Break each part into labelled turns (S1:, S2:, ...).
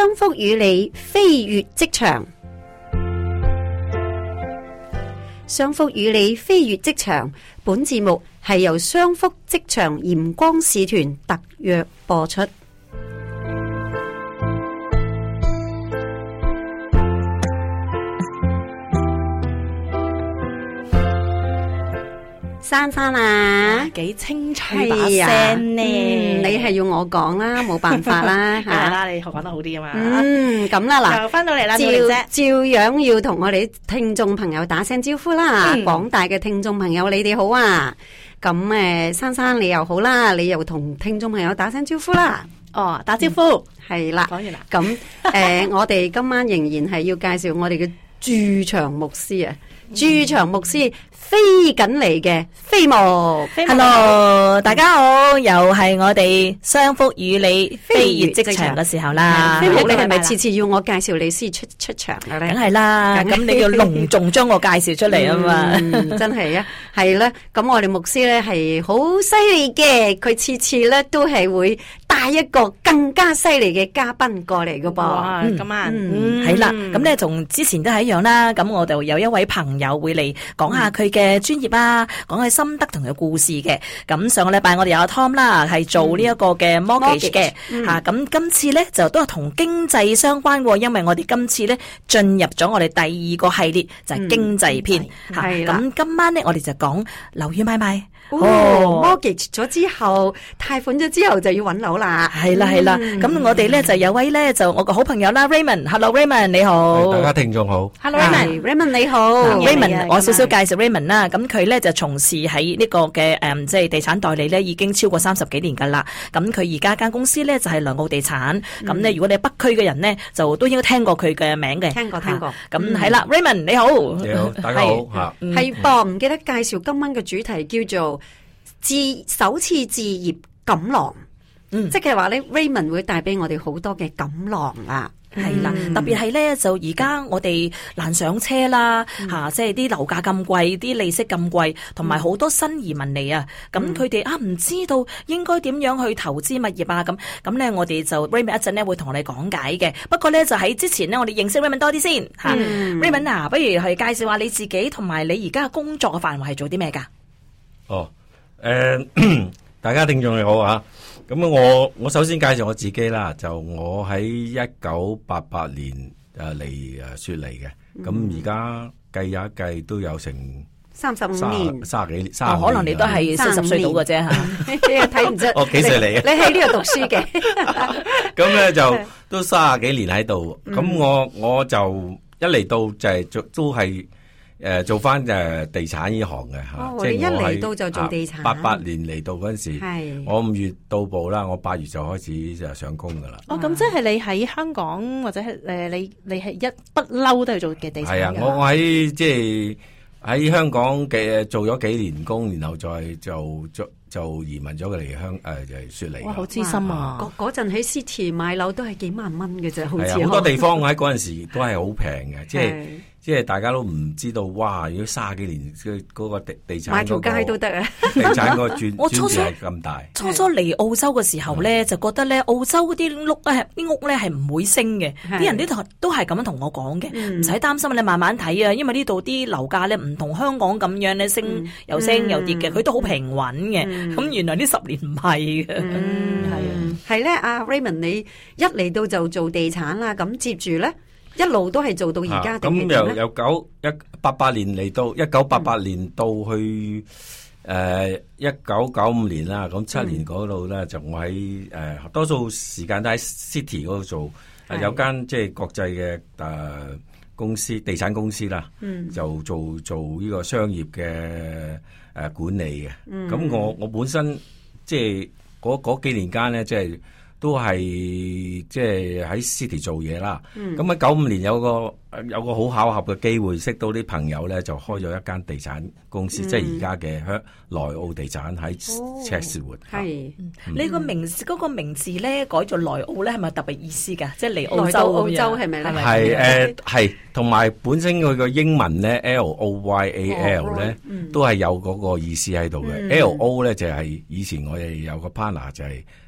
S1: 商福與你飛越職場，商福與你飛越職場。本節目係由商福職場鹽光使團特約播出。
S2: 珊珊啊，幾清脆把聲，你係要
S1: 我講啦，冇辦法啦吓。係啦，你
S2: 學得好啲啊嘛。
S1: 嗯，咁啦嗱，翻到嚟啦，照照樣要同我哋聽眾朋友打聲招呼啦。廣大嘅聽眾朋友，你哋好啊。咁誒，珊珊你又好啦，你又同聽眾朋友打聲招呼啦。哦，打招呼係啦。講完啦。咁誒，我哋今晚仍然係要介紹我哋嘅駐場牧師啊，駐場
S3: 牧師。飛緊嚟嘅飛牧，hello，大家好，嗯、又係我哋商福與你飛越職場嘅時候啦。飛牧，你係咪次次要我介紹你先出出場？梗係啦，咁你要隆重將我介紹出嚟啊嘛， 嗯、
S1: 真係啊！ 係咧，咁我哋牧師咧係好犀利嘅，佢
S3: 次次咧都係會帶一個更加犀利嘅嘉賓過嚟㗎噃。今
S2: 晚係啦，
S3: 咁咧同之前都係一樣啦。咁我就有一位朋友會嚟講下佢嘅專業啊，講、嗯、下心得同嘅故事嘅。咁上個禮拜我哋有、啊、Tom 啦，係做呢一個嘅 mortgage 嘅吓。咁、嗯嗯啊、今次咧就都係同經濟相關嘅，因為我哋今次咧進入咗我哋第二個系列就係、是、經濟篇吓。咁今晚咧我哋就講。樓宇買賣。哦，mortgage 咗之後，貸款咗之後就要揾樓啦。係啦，係啦。咁我哋咧就有位咧就我個好朋友啦，Raymond。Hello，Raymond，你好。大家聽眾好。Hello，Raymond，Raymond 你好。Raymond，我少少介紹 Raymond 啦。咁佢咧就從事喺呢個嘅誒，即係地產代理咧已經超過三十幾年噶啦。咁佢而家間公司咧就係來澳地產。咁咧，如果你北區嘅人咧，就都應該聽過佢嘅名嘅。聽過，聽過。咁係啦，Raymond 你好。你好，大家
S1: 好嚇。係噃，唔記得介紹今晚嘅主題叫做。自首次置業
S3: 錦囊，是說錦嗯，即係話咧 Raymond 會帶俾我哋好多嘅錦囊啊，係啦，特別係咧就而家我哋難上車啦，吓、嗯，即係啲樓價咁貴，啲、就是、利息咁貴，同埋好多新移民嚟啊，咁佢哋啊唔知道應該點樣去投資物業啊，咁咁咧我哋就 Raymond 一陣咧會同你講解嘅。不過咧就喺之前咧，我哋認識 Raymond 多啲先吓、啊嗯、，Raymond 啊，不如係介紹下你自己同埋你而家嘅工作嘅範圍係做啲咩噶？哦。
S4: 誒，大家聽眾你好啊！咁我我首先介紹我自己啦，就我喺一九八八年誒嚟誒雪梨嘅，咁而家計有一計都有成三十五年，卅幾，卅可能你
S1: 都係四十歲到嘅啫吓，睇唔出。哦，幾歲嚟嘅？你喺呢度讀書嘅，
S4: 咁咧就都卅幾年喺度，咁我我就一嚟到就係做都係。誒，做翻誒地產呢行嘅吓，哦、即係、哦、一嚟到就做地產，八八年嚟到嗰陣時，我五月到埗啦，我八月就開始就上工噶啦。
S2: 哦，咁即係你喺香港或者係誒你你係一不嬲都係做嘅地產。係啊，我我
S4: 喺即係喺香港嘅做咗幾年工，然後再就做，做，做移民咗佢嚟香，誒就係雪梨。
S1: 哦啊、哇，好資深啊！嗰陣陣喺 City 買樓都係幾萬蚊嘅啫，好似好多地方
S4: 我喺嗰陣時都係好平嘅，即係。即係大家都唔知道，哇！如果卅幾年嘅嗰個地地產，買條街都
S3: 得啊！地產個轉轉盤咁大。我初初嚟澳洲嘅時候咧，就覺得咧澳洲嗰啲屋咧，啲屋咧係唔會升嘅，啲人咧都係咁樣同我講嘅，唔使擔心啊！你慢慢睇啊，因為呢度啲樓價咧唔同香港咁樣咧升，又升又跌嘅，佢都好平穩嘅。咁原來呢十年唔
S1: 係嘅，係啊！係咧，阿 Raymond，你一嚟到就做地產啦，咁接住咧。一路都係做到而家，點樣咧？咁由由
S4: 九一八八年嚟到一九八八年到去誒一九九五年啦，咁七年嗰度咧就我喺誒多數時間都喺 City 嗰度做，有間即係國際嘅誒公司，地產公司啦，就做做呢個商業嘅誒管理嘅。咁我我本身即係嗰嗰幾年間咧，即係。都係即係喺 City 做嘢啦。咁喺九五年有個有個好巧合嘅機會，識到啲朋友咧，就開咗一間地產公司，嗯、即係而家嘅來澳地產喺 Chatswood。
S3: 係你個名、嗰個名名字咧，改做來澳咧，係咪特別意思㗎？即係嚟澳洲澳洲係咪係誒，
S4: 係同埋本身佢個英文咧，L O Y A L 咧、哦，都係有嗰個意思喺度嘅。嗯、L O 咧就係以前我哋有個 partner 就係、是。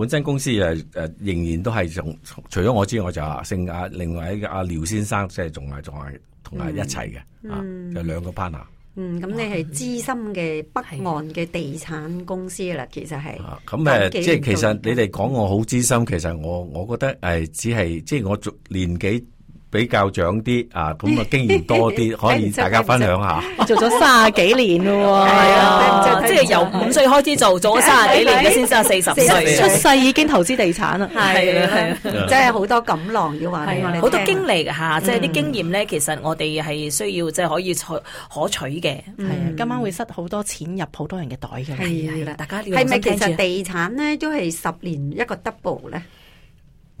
S4: 本身公司誒誒仍然都係從除咗我之外，就阿姓阿另外一個阿廖先生，即係仲係仲係同埋一齊嘅啊，就兩個 partner。嗯，
S1: 咁、嗯、你係資深嘅北岸嘅地產公司啦，是的其實係咁誒，即係、啊、其實
S4: 你哋講我好資深，其實我我覺得誒只係即係我做年紀，比較長啲啊，咁啊經驗多啲，可以大家分享下。
S2: 我做咗卅幾年咯，係啊，即係由五歲開始做，做咗卅幾年嘅，先至四十歲出世已經投資地產啦，係啊係即係好多錦囊要話俾我哋，好多
S3: 經歷吓，即係啲經驗咧，其實我哋係需要即係可以取可取嘅，係啊，今晚會
S2: 塞好多錢入好多人嘅袋嘅，係
S1: 啦，大家呢個都聽住。係咪其實地產咧都係十年一個 double 咧？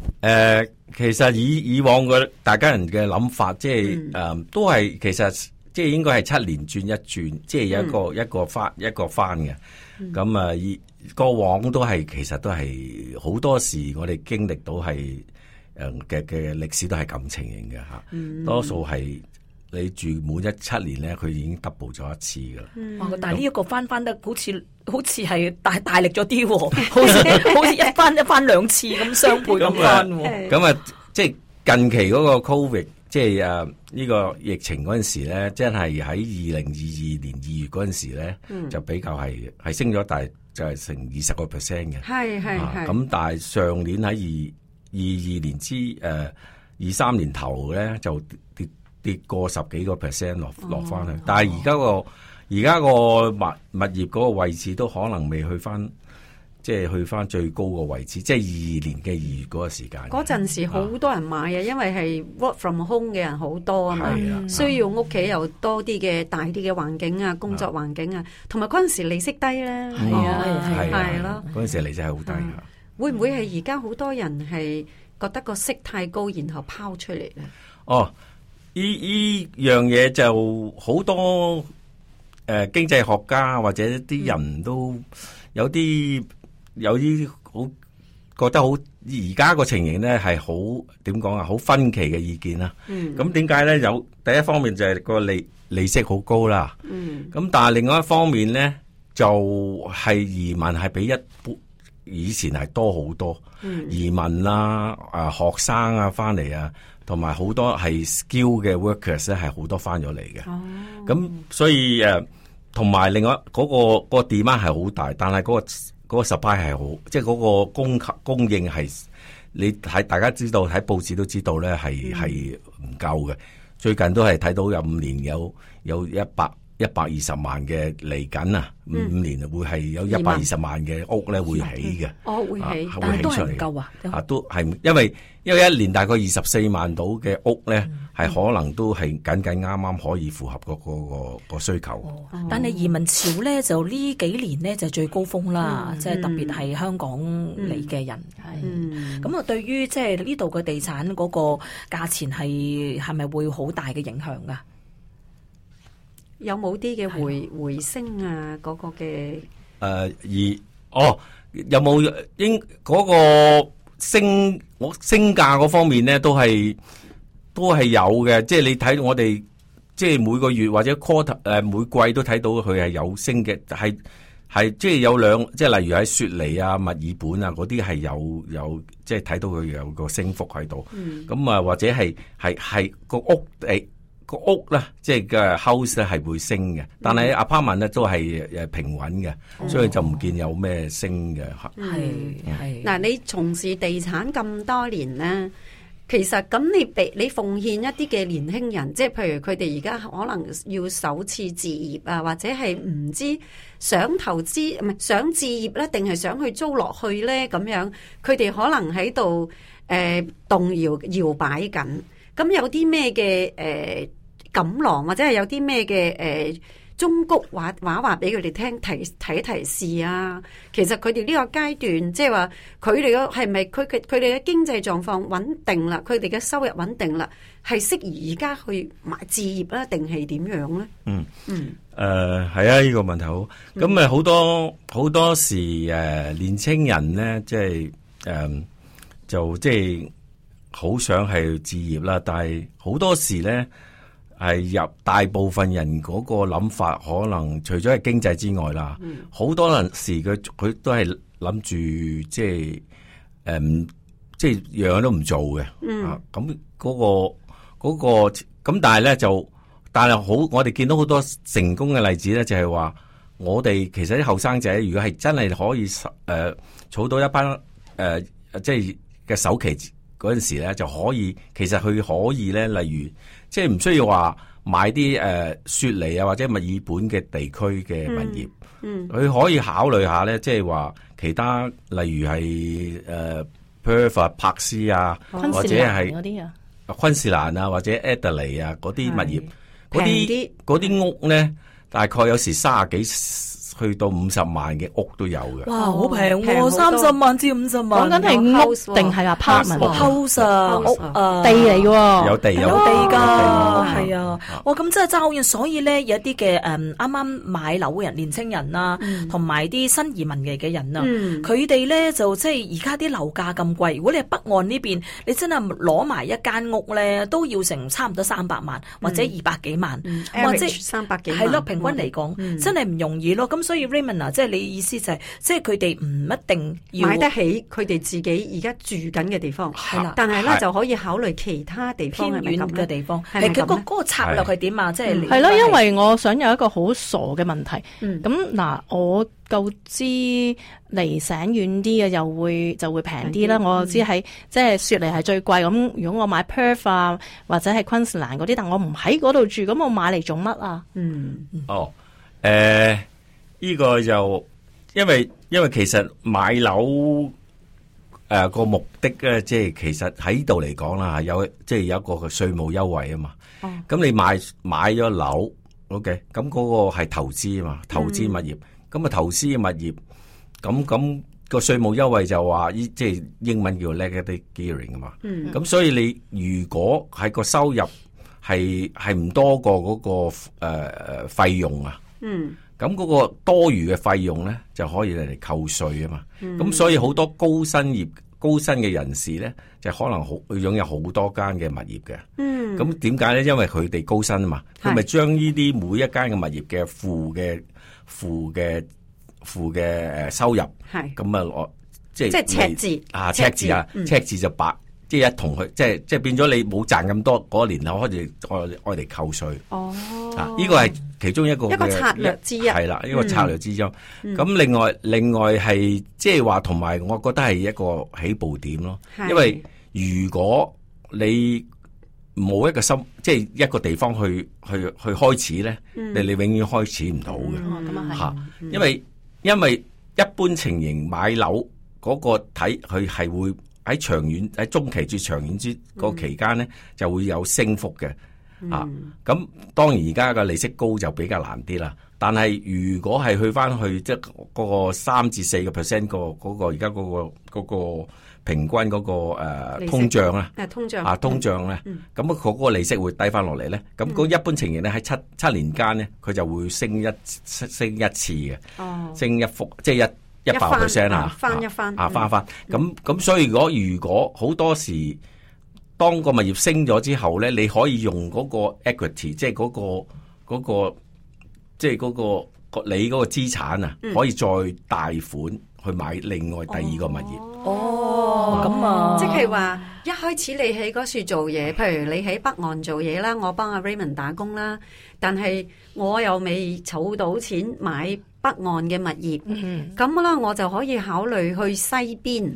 S4: 誒、呃，其實以以往嘅大家人嘅諗法，即係誒，嗯、都係其實即係應該係七年轉一轉，即係有一個、嗯、一個翻一個翻嘅。咁啊、嗯，以過往都係其實都係好多時我，我哋經歷到係誒嘅嘅歷史都係咁情形嘅吓，嗯、多數係。你住滿一七年咧，佢已經 double 咗一次噶啦。嗯、但係呢
S3: 一個翻翻得好似好似係大大力咗啲、哦， 好似好似一翻 一翻兩次咁相配咁翻喎。咁就的
S4: 啊，即係近期嗰個 Covid 即係啊呢個疫情嗰陣時咧，真係喺二零二二年二月嗰陣時咧，嗯、就比較係係升咗，大，就係、是、成二十個 percent 嘅。係
S1: 係係。咁
S4: 但係上年喺二二二年之誒二三年頭咧，就跌。跌過十幾個 percent 落落翻去，但係而家個而家個物物業嗰個位置都可能未去翻，即係去翻最高個位置，即係二二年嘅二月嗰個時間。嗰
S1: 陣時好多人買啊，因為係 work from home 嘅人好多啊嘛，需要屋企又多啲嘅大啲嘅環境啊，工作環境啊，同埋嗰陣時利息低咧，係啊係咯，嗰
S4: 陣時利息係好低噶。
S1: 會唔會係而家好多人係覺得個息太高，然後拋出嚟咧？
S4: 哦。依依樣嘢就好多誒、呃，經濟學家或者啲人都有啲有啲好覺得好而家個情形咧係好點講啊？好分歧嘅意見啦。咁點解咧？有第一方面就係個利利息好高啦。咁、嗯、但係另外一方面咧，就係、是、移民係比一般以前係多好多。嗯、移民啦、啊，誒、啊、學生啊，翻嚟啊。同埋好多係 skill 嘅 workers 咧，係好多翻咗嚟嘅。咁、oh. 所以誒同埋另外嗰個嗰個 demand 係好大，但係嗰個嗰個 supply 係好，即係嗰個供供應係你睇大家知道睇報紙都知道咧，係係唔夠嘅。最近都係睇到有五年有有一百。一百二十萬嘅嚟緊啊，五、嗯、年會係有一百二十萬嘅屋咧會起嘅，哦、嗯、
S3: 會起，但係都係唔夠啊，吓起、啊
S4: 啊、都係因為因為一年大概二十四萬到嘅屋咧，係、嗯、可能都係僅僅啱啱可以符合、嗰個個、嗰個需求、嗯。
S3: 但係移民潮咧就呢幾年咧就最高峰啦，即係、嗯、特別係香港嚟嘅人，係咁啊。是嗯、對於即係呢度嘅地產嗰個價錢係係咪會好大嘅影響噶？
S1: 有冇啲嘅回回
S3: 升啊？嗰個嘅
S4: 誒，而哦，有冇應嗰個升？我升價嗰方面咧，都係都係有嘅。即係你睇我哋，即係每個月或者 quarter 誒，每季都睇到佢係有升嘅，係係即係有兩，即係例如喺雪梨啊、墨爾本啊嗰啲係有有，即係睇到佢有個升幅喺度。咁啊，或者係係係個屋地。個屋咧，即係嘅 house 咧係會升嘅，但係 apartment 咧都係誒平穩嘅，嗯、所以就唔見有咩升嘅嚇。係嗱、
S1: 嗯，係係你從事地產咁多年咧，其實咁你俾你奉獻一啲嘅年輕人，即係譬如佢哋而家可能要首次置業啊，或者係唔知想投資唔係想置業咧，定係想去租落去咧咁樣，佢哋可能喺度誒動搖搖擺緊。咁有啲咩嘅誒？呃錦囊或者係有啲咩嘅誒，中谷話話話俾佢哋聽提提提示啊。其實佢哋呢個階段，即係話佢哋嘅係咪佢佢佢哋嘅經濟狀況穩定啦，佢哋嘅收入穩定啦，係適宜而家去買置業啦，定係點樣咧？嗯嗯，
S4: 誒係啊，呢個問題好。咁咪好多好多時誒，年青人咧，即係誒，就即係好想係置業啦，但係好多時咧。係入大部分人嗰個諗法，可能除咗係經濟之外啦，嗯啊嗯、好多人時佢佢都係諗住即係即係樣樣都唔做嘅。咁嗰個嗰個咁，但係咧就，但係好，我哋見到好多成功嘅例子咧，就係話我哋其實啲後生仔，如果係真係可以誒，儲到一班誒，即係嘅首期嗰陣時咧，就可以，其實佢可以咧，例如。即係唔需要話買啲誒、呃、雪梨啊或者墨爾本嘅地區嘅物業，佢、嗯嗯、可以考慮一下咧，即係話其他例如係誒、呃、Perth f、啊、珀斯士啊，啊，或者係昆士蘭
S5: 嗰
S4: 啲啊，昆士蘭啊或者 Adelaide 啊嗰啲物業，嗰啲啲屋咧的大概有時三十啊幾。去到五十萬嘅屋都有嘅，
S3: 哇！好平喎，三十萬至五十萬，講緊係屋定係話 p a r k i h o u s e 屋誒地嚟㗎喎，有地有地㗎，係啊！哇！咁真係爭好遠，所以咧有啲嘅誒啱啱買樓嘅人、年青人啊，同埋啲新移民嚟嘅人啊，佢哋咧就即係而家啲樓價咁貴，如果你係北岸呢邊，你真係攞埋一間屋咧都要成差唔多三百萬或者二百幾萬或者 e e 三百幾，係咯，平均嚟講真係唔容易咯。咁所以 Raymond 啊即係你意思就係，即係佢哋唔一定要買得起佢哋自
S1: 己而家住緊嘅地方，係啦。但係咧就可以考慮其他地方，
S2: 偏遠
S3: 嘅地方係咪咁咧？係咯，因為
S2: 我想有一個好傻嘅問題。咁嗱，我夠知離省遠啲嘅又會就會平啲啦。我就知喺即係雪梨係最貴。咁如果我買 Perth 啊，或者係昆士蘭嗰啲，但我唔喺嗰度住，咁我買嚟做乜啊？嗯，
S4: 哦，誒。呢個就因為因為其實買樓誒個目的咧，即係其實喺度嚟講啦，有即係有一個個稅務優惠啊嘛。哦，咁你買買咗樓，OK，咁嗰個係投資啊嘛，投資物業。咁啊，投資物業，咁咁個稅務優惠就話，呢即係英文叫 negative gearing 啊嘛。嗯，咁所以你如果係個收入係係唔多過嗰個誒費用啊。嗯。咁嗰個多餘嘅費用咧，就可以嚟扣稅啊嘛。
S5: 咁、嗯、所以好
S4: 多高薪業高薪嘅人士咧，就可能好擁有好多間嘅物業嘅。咁點解咧？因為佢哋高薪啊嘛，佢咪將呢啲每一間嘅物業嘅負嘅負嘅負嘅收入，咁啊攞即係即係赤字啊赤字啊赤字就白。嗯即係一同佢，即係即係變咗你冇賺咁多嗰、那個、年頭開始，愛愛嚟扣稅。哦，
S5: 啊，依、這個係其中一個一個策略之一，係啦，一、這個策略之
S4: 中。咁、嗯、另外另外係即係話同埋，我覺得係一個起步點咯。因為如果你冇一個心，即係一個地方去去去開始咧，你、嗯、你永遠開始唔到嘅嚇。嗯嗯、因為因為一般情形，買樓嗰、那個睇佢係會喺長遠喺中期至長遠之個期間咧，就會有升幅嘅啊。咁當然而家個利息高就比較難啲啦。但係如果係去翻去即係嗰個三至四個 percent 個嗰個而家嗰個嗰個平均嗰個誒通脹啊，
S5: 通脹啊通脹咧，
S4: 咁啊嗰個利息會低翻落嚟咧。咁嗰一般情形咧，喺七七年間咧，佢就會升一升一次嘅，升一幅即係一一百 percent 啊，翻一翻，啊翻一翻，咁咁所以如果如果好多時，當個物業升咗之後咧，你可以用嗰個 equity，即係嗰、嗰個，即係嗰個、即係嗰個、你嗰個資產啊，可以再貸款去買另外第二個物業。
S1: 嗯、那哦，咁啊那，嗯、即係話一開始你喺嗰處做嘢，譬如你喺北岸做嘢啦，我幫阿 Raymond 打工啦，但係我又未儲到錢買北岸嘅物業，咁啦、mm，hmm。樣，我就可以考慮去西邊，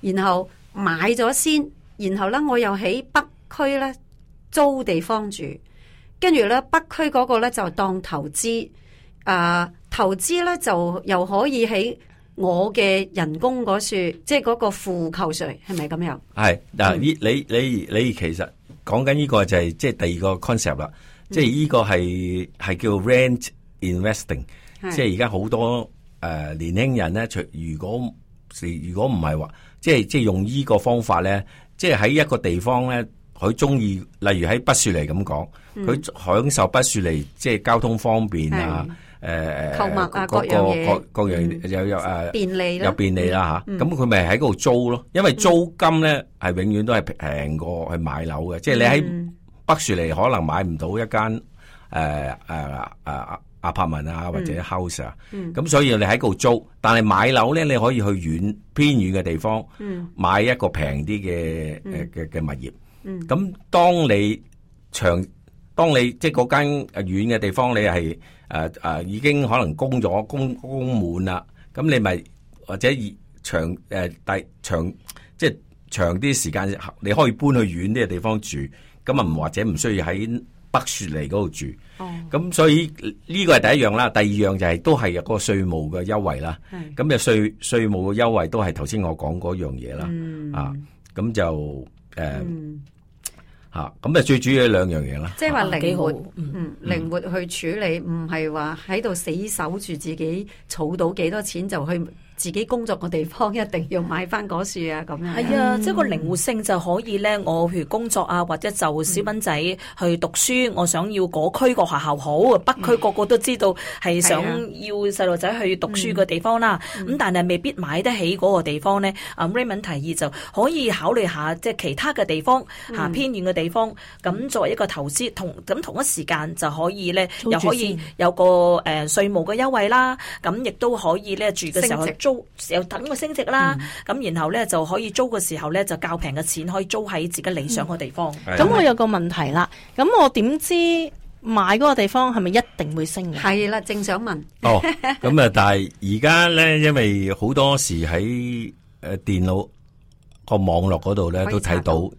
S1: 然後買咗先，然後咧我又喺北區咧租地方住，跟住咧北區嗰個咧就當投資，啊，投資咧就又可以喺我嘅人工嗰處，即係嗰個負扣稅，係咪咁樣？
S4: 係嗱，你你你其實講緊呢個就係即係第二個 concept 啦，即係呢個係係、mm hmm. 叫 rent investing。即係而家好多誒年輕人咧，除如果如果唔係話，即係即係用依個方法咧，即係喺一個地方咧，佢中意，例如喺北雪梨咁講，佢享受北雪梨，即係交通方便啊！誒誒，購物啊，各樣各樣有有誒，便
S5: 利咯，有便利啦吓，咁
S4: 佢咪喺嗰度租咯？因為租金咧係永遠都係平過去買樓嘅，即係你喺北雪梨可能買唔到一間誒誒誒。Apartment 啊，或者 House 啊、嗯，咁、嗯、所以你喺度租，但係買樓咧，你可以去遠偏遠嘅地方買一個平啲嘅嘅嘅物業、嗯。咁、嗯嗯、當你長，當你即係嗰間遠嘅地方，你係誒誒已經可能供咗供供滿啦。咁你咪或者長誒、呃、第長即係長啲時間，你可以搬去遠啲嘅地方住。咁啊唔或者唔需要喺北雪梨嗰度住，咁所以呢個係第一樣啦。第二樣就係都係個稅務嘅優惠啦。咁就稅稅務嘅優惠都係頭先我講嗰樣嘢啦、嗯啊。啊，咁、嗯啊、就誒，吓咁最主要兩樣嘢啦。即係
S1: 話靈活，靈、啊嗯、活去處理，唔係話喺度死守住自
S3: 己儲到幾多少錢就去，自己工作嘅地方一定要買翻嗰處啊，咁樣係啊，啊嗯、即係個靈活性就可以咧。我譬如工作啊，或者就小蚊仔去讀書，嗯、我想要嗰區個學校好，嗯、北區個個都知道係想要細路仔去讀書嘅地方啦。咁、嗯、但係未必買得起嗰個地方咧。阿 Raymond、嗯啊、提議就可以考慮下即係其他嘅地方吓偏遠嘅地方，咁、嗯、作為一個投資同咁同一時間就可以咧，又可以有個誒稅、呃、務嘅優惠啦。咁亦都可以咧住嘅時候。租又等佢升值啦，咁然後咧就可以
S2: 租嘅時候咧就較平嘅錢可以租喺自己理想嘅地方。咁我有個問題啦，咁我點知買嗰個地方係咪一定會升嘅？係啦，正想問。哦，
S4: 咁啊，但係而家咧，因為好多時喺誒電腦個網絡嗰度咧都睇到，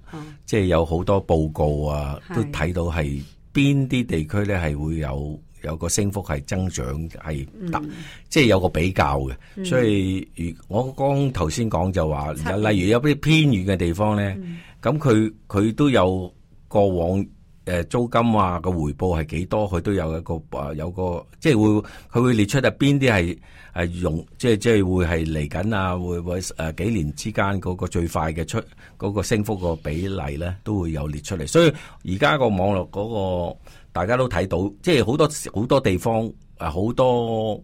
S4: 即係有好多報告啊，都睇到係邊啲地區咧係會有。有個升幅係增長是，係得、嗯，即係有個比較嘅。嗯、所以如我剛頭先講，就話有例如有啲偏遠嘅地方咧，咁佢佢都有過往。誒租金啊，個回報係幾多？佢都有一個有一個即係會，佢會列出啊邊啲係係用，即係即係會係嚟緊啊，會唔會幾年之間嗰個最快嘅出嗰個升幅個比例咧，都會有列出嚟。所以而家個網絡嗰個大家都睇到，即係好多好多地方啊，好多誒、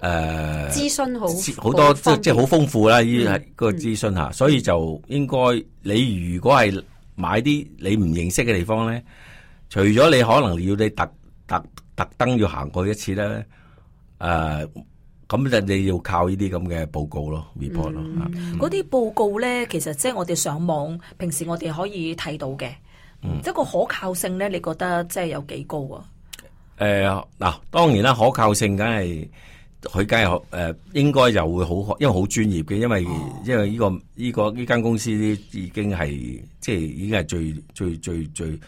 S4: 呃、資
S1: 訊好好多，即係即係
S4: 好豐富啦。呢、嗯、個資訊吓，所以就應該你如果係。買啲你唔認識嘅地方咧，除咗你可能要你特特特登要行過一次咧，誒、呃，咁就你要靠呢啲咁嘅報告咯、嗯、report
S3: 咯。嗰啲報告咧，嗯、其實即係我哋上網平時我哋可以睇到嘅，即係、嗯、個可靠性咧，你覺得即係有幾高
S4: 啊？誒、呃，嗱、啊，當然啦，可靠性梗係。佢梗係誒應該又會好，因為好專業嘅，因為因為呢、呢個呢、呢個呢間公司已經係即係已經係最最最最誒、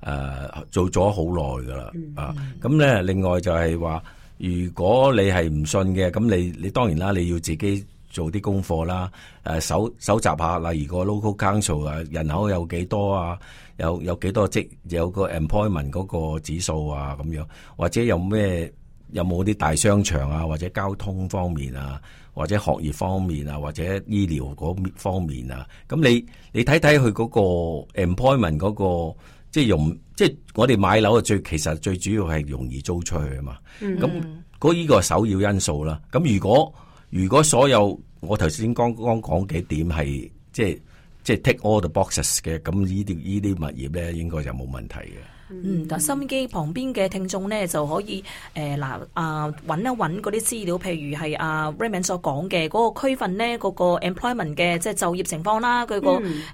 S4: 呃、做咗好耐噶啦啊！咁咧另外就係話，如果你係唔信嘅，咁你你當然啦，你要自己做啲功課啦。誒、啊、搜，搜集下啦，例如個 local council 人口有幾多啊？有有幾多職？有個 employment 嗰個指數啊？咁樣或者有咩？有冇啲大商場啊，或者交通方面啊，或者學業方面啊，或者醫療方面啊？咁你你睇睇佢嗰個 employment 嗰個，即係容，即係我哋買樓啊最其實最主要係容易租出去啊嘛。咁嗰依個首要因素啦。咁如果如果所有我頭先剛剛講幾點係即係即係 take all the boxes 嘅，咁呢啲呢啲物業咧應該就冇問題嘅。
S2: 嗯，嗱，收
S3: 音機旁邊嘅聽眾咧，就可以誒嗱、呃、啊揾一揾嗰啲資料，譬如係阿、啊、Raymond 所講嘅嗰個區份咧，嗰、那個 employment 嘅即係、就是、就業情況啦，佢、那個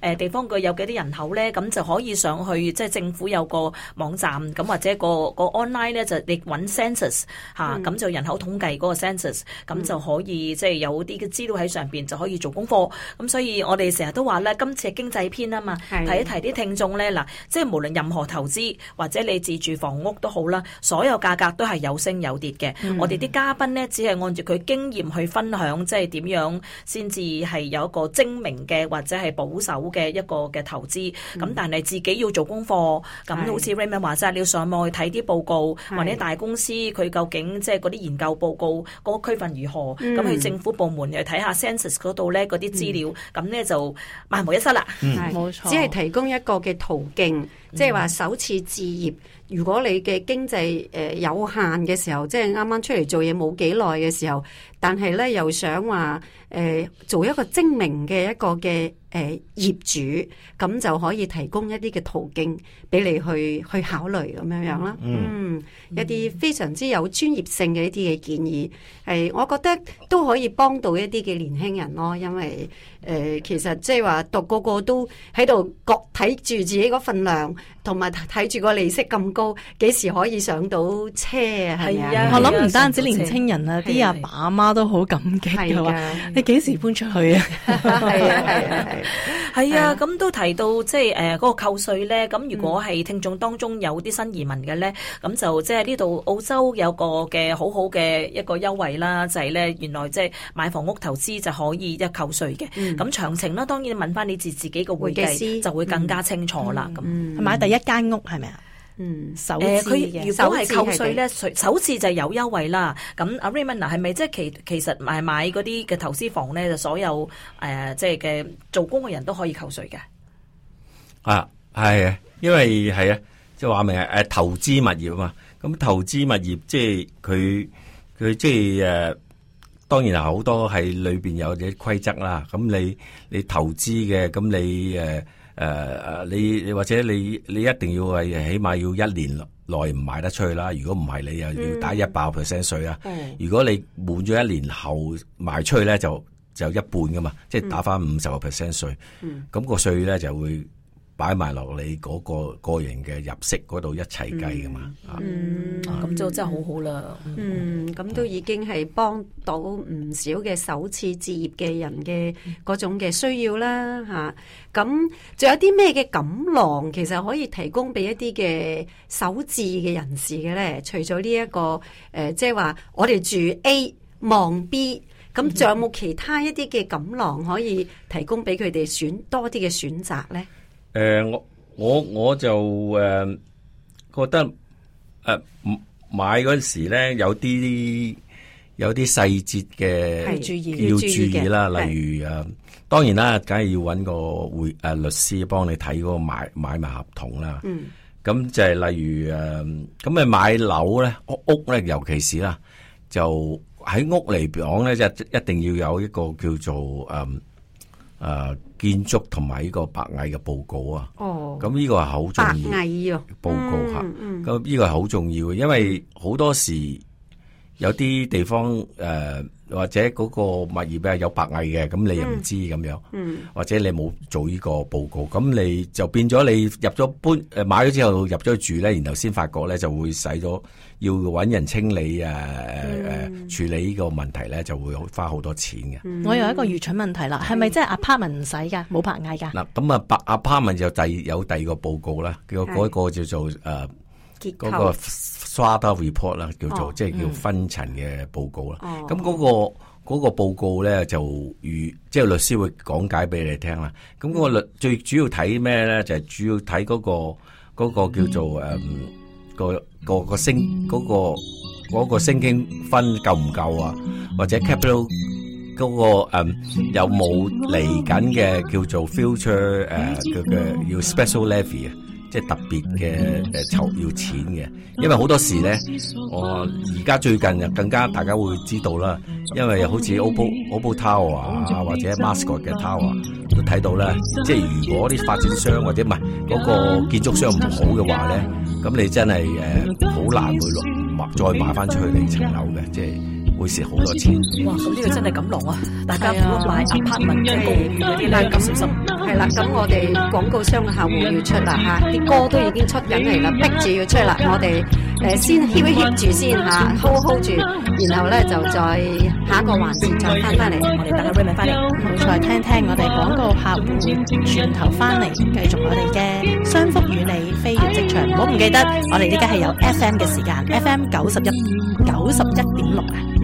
S3: 誒地方佢有幾多人口咧，咁就可以上去即係、就是、政府有個網站，咁或者個個 online 咧就你揾 census、啊、s 嚇，咁就人口統計嗰個 census 咁就可以即係、就是、有啲嘅資料喺上面就可以做功課。咁所以我哋成日都話咧，今次係經濟篇啊嘛，提一提啲聽眾咧嗱、啊，即係無論任何投資。或者你自住房屋都好啦，所有價格都係有升有跌嘅。嗯、我哋啲嘉賓呢，只係按住佢經驗去分享，即係點樣先至係有一個精明嘅或者係保守嘅一個嘅投資。咁、嗯、但係自己要做功課，咁好似 Raymond 話齋，是你要上網去睇啲報告，是或者大公司佢究竟即係嗰啲研究報告嗰、嗰個區分如何？咁、嗯、去政府部門又睇下 Census 嗰度呢，嗰啲資料，咁呢、嗯，就萬無一失啦。冇、嗯、是錯，只係提供一個嘅途徑。即係話首次
S1: 置業，如果你嘅經濟誒、呃、有限嘅時候，即係啱啱出嚟做嘢冇幾耐嘅時候，但係咧又想話。誒，做一個精明嘅一個嘅誒業主，咁就可以提供一啲嘅途徑俾你去去考慮咁樣樣啦。嗯，嗯嗯一啲非常之有專業性嘅一啲嘅建議，係、嗯、我覺得都可以幫到一啲嘅年輕人咯。因為誒、呃，其實即係話讀個個都喺度各睇住自己嗰份量，同埋睇住個利息咁高，幾時可以上到車啊？係啊的，我諗唔單止年青
S2: 人啊，啲阿爸阿媽都好感激嘅。你幾時搬出去啊？係啊
S3: 係啊係啊！咁、啊啊啊啊、都提到即係誒嗰個扣稅咧。咁如果係聽眾當中有啲新移民嘅咧，咁就即係呢度澳洲有個嘅好好嘅一個優惠啦，就係、是、咧原來即係買房屋投資就可以一扣稅嘅。咁、嗯、詳情啦，當然問翻你自自己個會計師就會更加清楚啦。咁
S2: 買、嗯嗯、那第一間屋係咪啊？嗯嗯，首次嘅首次係。誒，佢如果係扣稅咧，
S3: 首首次就係有優惠啦。咁阿 Raymond 係咪即係其其實買買嗰啲嘅投資房咧，就所有誒即係嘅做工嘅人都可以扣稅嘅？
S4: 啊，係，因為係啊，即係話明係誒投資物業啊嘛。咁投資物業即係佢佢即係誒，當然係好多係裏邊有啲規則啦。咁你你投資嘅，咁你誒。誒誒、uh，你或者你你一定要係起碼要一年內唔賣得出去啦，如果唔係你又要打一百個 percent 稅啊。稅啦 mm. 如果你滿咗一年後賣出去咧，就就一半㗎嘛，即係打返五十個 percent 稅。咁個稅咧就會。擺埋落你嗰個個人嘅入息嗰度一齊計噶嘛？嗯，
S1: 咁就真係好好啦。嗯，咁都已經係幫到唔少嘅首次置業嘅人嘅嗰種嘅需要啦。吓、啊，咁仲有啲咩嘅錦囊，其實可以提供俾一啲嘅首置嘅人士嘅咧？除咗呢一個誒，即係話我哋住 A 望 B，咁仲有冇其他一啲嘅錦囊可以提供俾佢哋選多啲嘅選擇咧？
S4: 誒、呃，我我我就誒、呃、覺得誒、呃、買嗰時咧，有啲有啲細節嘅要注意要注意，要注意啦，例如誒，的當然啦，梗係要揾個會誒律師幫你睇嗰個買買賣合同啦。咁、嗯、就係例如誒，咁、呃、咪買樓咧，屋屋咧，尤其是啦，就喺屋嚟講咧，就一定要有一個叫做誒誒。呃呃建築同埋呢個白蟻嘅報告啊，咁呢、哦、個係好重要嘅、
S1: 哦、報告下，咁
S4: 呢、嗯嗯、個係好重要嘅，因為好多時有啲地方誒。呃或者嗰個物業比較有白蟻嘅，咁你又唔知咁樣。嗯嗯、或者你冇做呢個報告，咁你就變咗你入咗搬買咗之後入咗去住咧，然後先發覺咧就會使咗要揾人清理啊誒、嗯啊、處理呢個問題咧就會花好多錢嘅。
S2: 我有一個愚蠢問題啦，係咪真係 apartment 唔使㗎，冇白蟻㗎？嗱
S4: 咁、嗯、啊，白 apartment 就第有第二個報告啦，叫嗰改個叫做誒。是啊嗰個 stratareport 啦，叫做即係叫分層嘅報告啦。咁嗰個嗰個報告咧，就與即係律師會講解俾你聽啦。咁嗰個律最主要睇咩咧？就係主要睇嗰個嗰個叫做誒個個個星嗰個嗰個星經分夠唔夠啊？或者 capital 嗰個誒有冇嚟緊嘅叫做 future 誒嘅嘅要 special levy 啊？即係特別嘅誒籌要錢嘅，因為好多時咧，我而家最近又更加大家會知道啦，因為好似 Opal, Opal Tower 啊，或者 Mascot Tower 啊，都睇到咧，即係如果啲發展商或者唔係嗰個建築商唔好嘅話咧，咁你真係誒好難去落再賣翻出去你層樓嘅，即係會蝕好多錢。哇！咁
S1: 呢個真
S3: 係咁狼啊！大家唔好買 apartment 嘅，啲籃金小心。
S1: 嗯嗯嗯嗯。係啦，咁、啊、我哋廣告商嘅客戶要出啦吓，啲、啊、歌都已經出緊嚟啦，逼住要出啦，我哋誒、呃、先 hold 住先啦，hold hold 住，然後咧就
S2: 再下一個環節再翻翻嚟，我哋等下 Raymond 翻嚟，好再聽聽我哋廣告客戶轉頭翻嚟，繼續我哋嘅商福與你飛越職場，唔好唔記得，哎、我哋依家係有 FM 嘅時間、uh, you，FM 九十一九十一點六啊。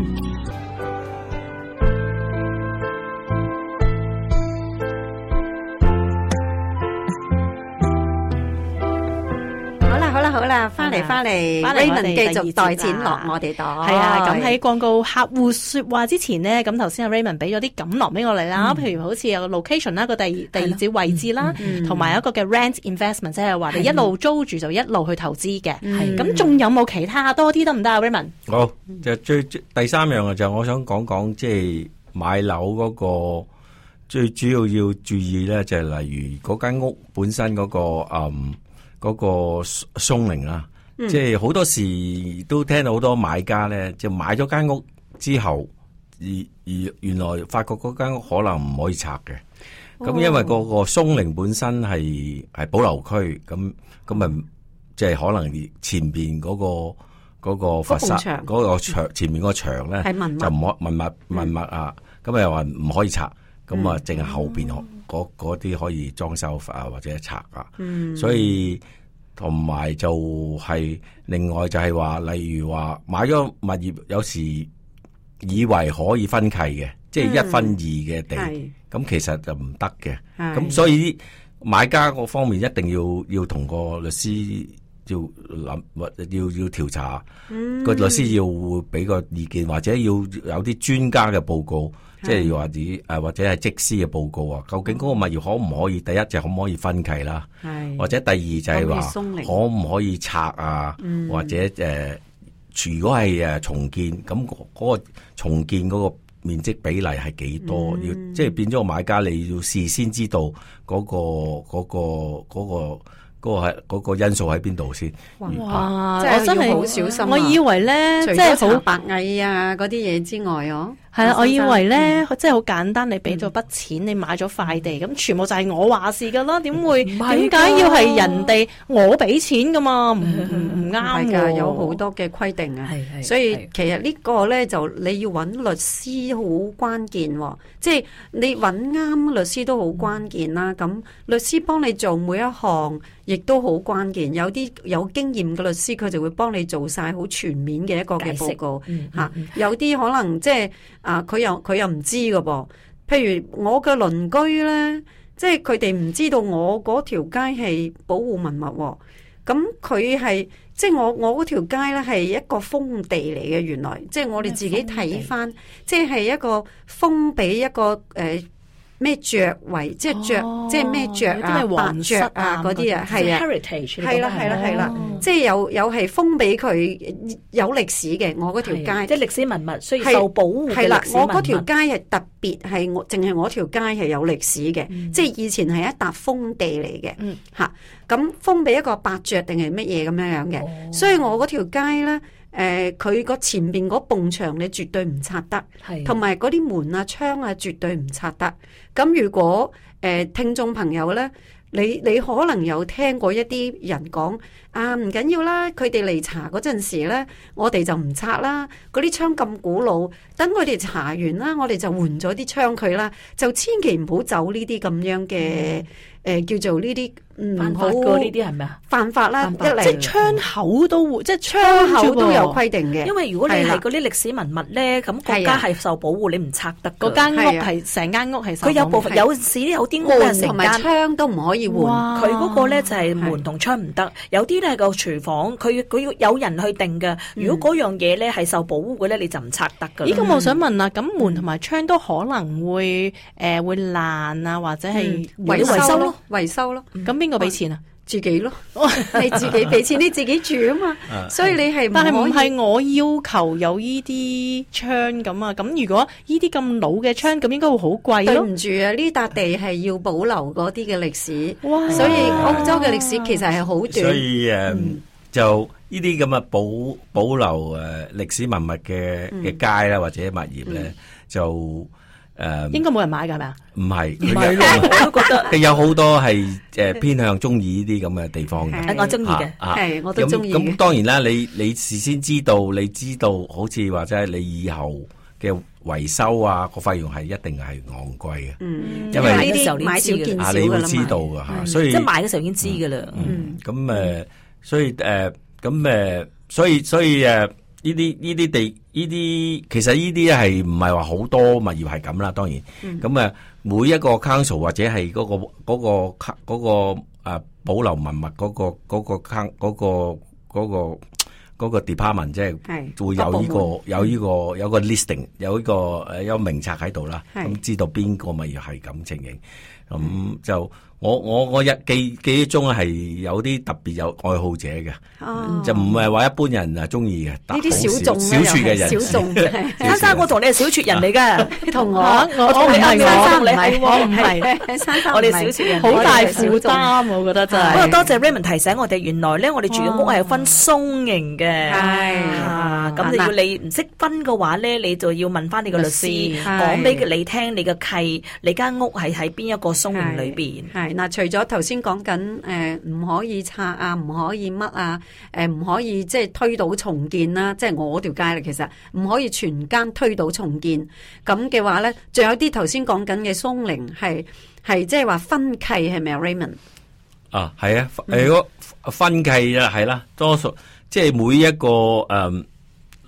S2: 啊！翻嚟翻嚟，Raymond 繼續代剪落我哋度。係啊，咁喺廣告客戶說話之前咧，咁頭先阿 Raymond 俾咗啲錦囊俾我哋啦。譬如好似有個 location 啦，個地址位置啦，同埋有一個嘅 rent investment，即係話你一路租住就一路去投資嘅。係咁，仲有冇其他多啲得唔得啊？Raymond？
S4: 好，就最第三樣嘅就係我想講講，即係買樓嗰個最主要要注意咧，就係例如嗰間屋本身嗰個嗯。嗰個松松寧啦，嗯、即係好多時都聽到好多買家咧，就買買咗間屋之後，而而原來發覺嗰間屋可能唔可以拆嘅。
S2: 咁、哦、因為嗰
S4: 個松寧本身係保留區，咁咁咪即係可能前面嗰、嗰個嗰、嗰個、佛寺嗰前面嗰個牆咧就唔可文物可以文物啊，咁又話唔可以拆。咁啊，淨係、嗯、後邊嗰嗰啲可以裝修啊，或者拆啊，嗯、所以同埋就係、是、另外就係話，例如話買咗物業，有時以為可以分契嘅，即、就、係、是、一分二嘅地，咁、嗯、其實就唔得嘅。咁是所以買家嗰方面一定要要同、嗯、個律師要諗或要要調查，
S5: 個律師
S4: 要俾個意見，或者要有啲專家嘅報告。即係又或者，誒，或者係即師嘅報告啊？究竟嗰個物業可唔可以？第一就係可唔可以分契啦，啊？是或者第二就係話可唔可以拆啊？嗯、或者誒，如果係誒重建，咁嗰個重建嗰個面積比例係幾多？嗯、要即係變咗個買家，你要事先知道嗰、嗰個、嗰個、嗰個、嗰個係、嗰個嗰個因素喺邊度先？
S1: 哇！啊、我真係好小心，啊，我以為咧，即係好
S2: 白蟻啊，嗰啲嘢之外哦、啊。係 啊，我以為咧，嗯、即係好簡單，你俾咗筆錢，嗯、你買咗塊地，咁全部就係我話事噶咯？點會？點解要係人哋我俾錢噶嘛？唔唔啱噶，有好多嘅規定啊。的所以其實個呢個咧就你要
S1: 揾律師好關鍵、啊，即、就、係、是、你揾啱律師都好關鍵啦、啊。咁律師幫你做每一項，亦都好關鍵。有啲有經驗嘅律師，佢就會幫你做晒好全面嘅一個嘅報告。吓、嗯嗯啊，有啲可能即、就、係、是。啊！佢又佢又唔知㗎噃，譬如我嘅鄰居咧，即係佢哋唔知道我嗰條街係保護文物喎、哦。咁佢係即係我我嗰條街咧係一個封地嚟嘅，原來，來即係我哋自己睇翻，即係一個封畀一個誒。呃咩爵位，即係爵，即係咩爵啊？白爵啊，嗰啲啊，係啊，
S3: 係啦，係啦，係啦，
S1: 即係有有係封俾佢有歷史嘅，我嗰條街，即係歷史文物，需要受保護嘅歷史文物。係啦，我嗰條街係特別係我淨係我條街係有歷史嘅，即係以前係一笪封地嚟嘅，吓咁封俾一個伯爵定係乜嘢咁樣樣嘅，所以我嗰條街咧。誒，佢個、呃，前邊嗰埲牆，你絕對唔拆得，係，同埋嗰啲門啊、窗啊絕對唔拆得。咁如果誒、呃、聽眾朋友呢，你你可能有聽過一啲人講啊，唔緊要啦，佢哋嚟查嗰陣時呢，我哋就唔拆啦。嗰啲窗咁古老，等佢哋查完啦，我哋就換咗啲窗佢啦。嗯、就千祈唔好走呢啲咁樣嘅，誒、呃，叫做呢啲。嗯，犯法噶，呢啲係咪啊？犯法啦，即係窗
S2: 口都會，即係窗口都有規定嘅。因為如果你係嗰
S3: 啲歷史文物咧，咁國家係受保護，你唔拆得。嗰間屋係成間屋係，佢有部分有時
S2: 有啲屋同
S3: 埋窗都唔可以換。佢嗰個咧就係門同窗唔得。有啲咧個廚房，佢佢要有人去定噶。如果嗰樣嘢咧係受保護嘅咧，你就唔拆得噶。咦？咁我想
S2: 問啦，咁門同埋窗都可能會誒會爛啊，或者係維修咯，維修咯咁，邊個俾錢啊？自己咯， 你自己俾錢，你自己住啊嘛。 所以你係，但係唔係我要求有依啲窗咁啊？咁如果依啲咁老嘅窗，咁應該會好貴咯。對唔住啊，呢笪地係要保留嗰啲嘅歷史，哇所以澳洲嘅歷史其實係好短。所
S4: 以誒、啊，就呢啲咁嘅保保留誒、啊、歷史文物嘅嘅街啦、啊，或者物業咧，嗯嗯、就。誒，應
S2: 該冇人買噶係咪啊？
S4: 唔係，有好多覺得，有好多係誒偏向中意呢啲咁嘅地方嘅。我中意嘅，係我都中意嘅。咁咁當然啦，你你事先知道，你知道，好似或者你以後嘅維修啊，個費用係一定係昂貴嘅。嗯，因為呢
S3: 啲買少見少噶啦嘛。啊，你會知道噶吓，所以即係買嘅時候已經知噶啦。嗯，
S4: 咁誒，所以誒，咁誒，所以所以誒。呢啲呢啲地，呢啲其實呢啲係唔係話好多物業係咁啦？當然，咁啊每一個 Council 或者係嗰個嗰個嗰個誒保留文物嗰個嗰個 c 嗰個嗰個嗰個 Department 即係會有呢個有呢個有個 listing 有呢個誒有名冊喺度啦，咁知道邊個物業係咁情形。咁就我我我日記記憶中係有啲特別有愛好者嘅，就唔係話一般人啊中意嘅。呢啲小眾嘅人，
S3: 小眾。珊珊我同你係小撮人嚟噶，
S1: 同我我我唔係我唔係，我哋小撮人好大負擔，
S3: 我覺得真係。不過多謝 Raymond 提醒我哋，原來咧我哋住嘅屋係分松型嘅，係啊，咁你要你唔識分嘅話咧，你就要問翻你個律師講俾你聽，你嘅契你間屋係喺邊一個。中唔裏
S1: 邊係嗱，除咗頭先講緊誒，唔、呃、可以拆啊，唔可以乜啊，誒、呃，唔可以即係推倒重建啦、啊，即係我條街咧，其實唔可以全間推倒重建。咁嘅話咧，仲有啲頭先講緊嘅松零係係即係話分契係咪 Raymond？
S4: 啊，係啊，如果分契、嗯、啊係啦，多數即係每一個誒。嗯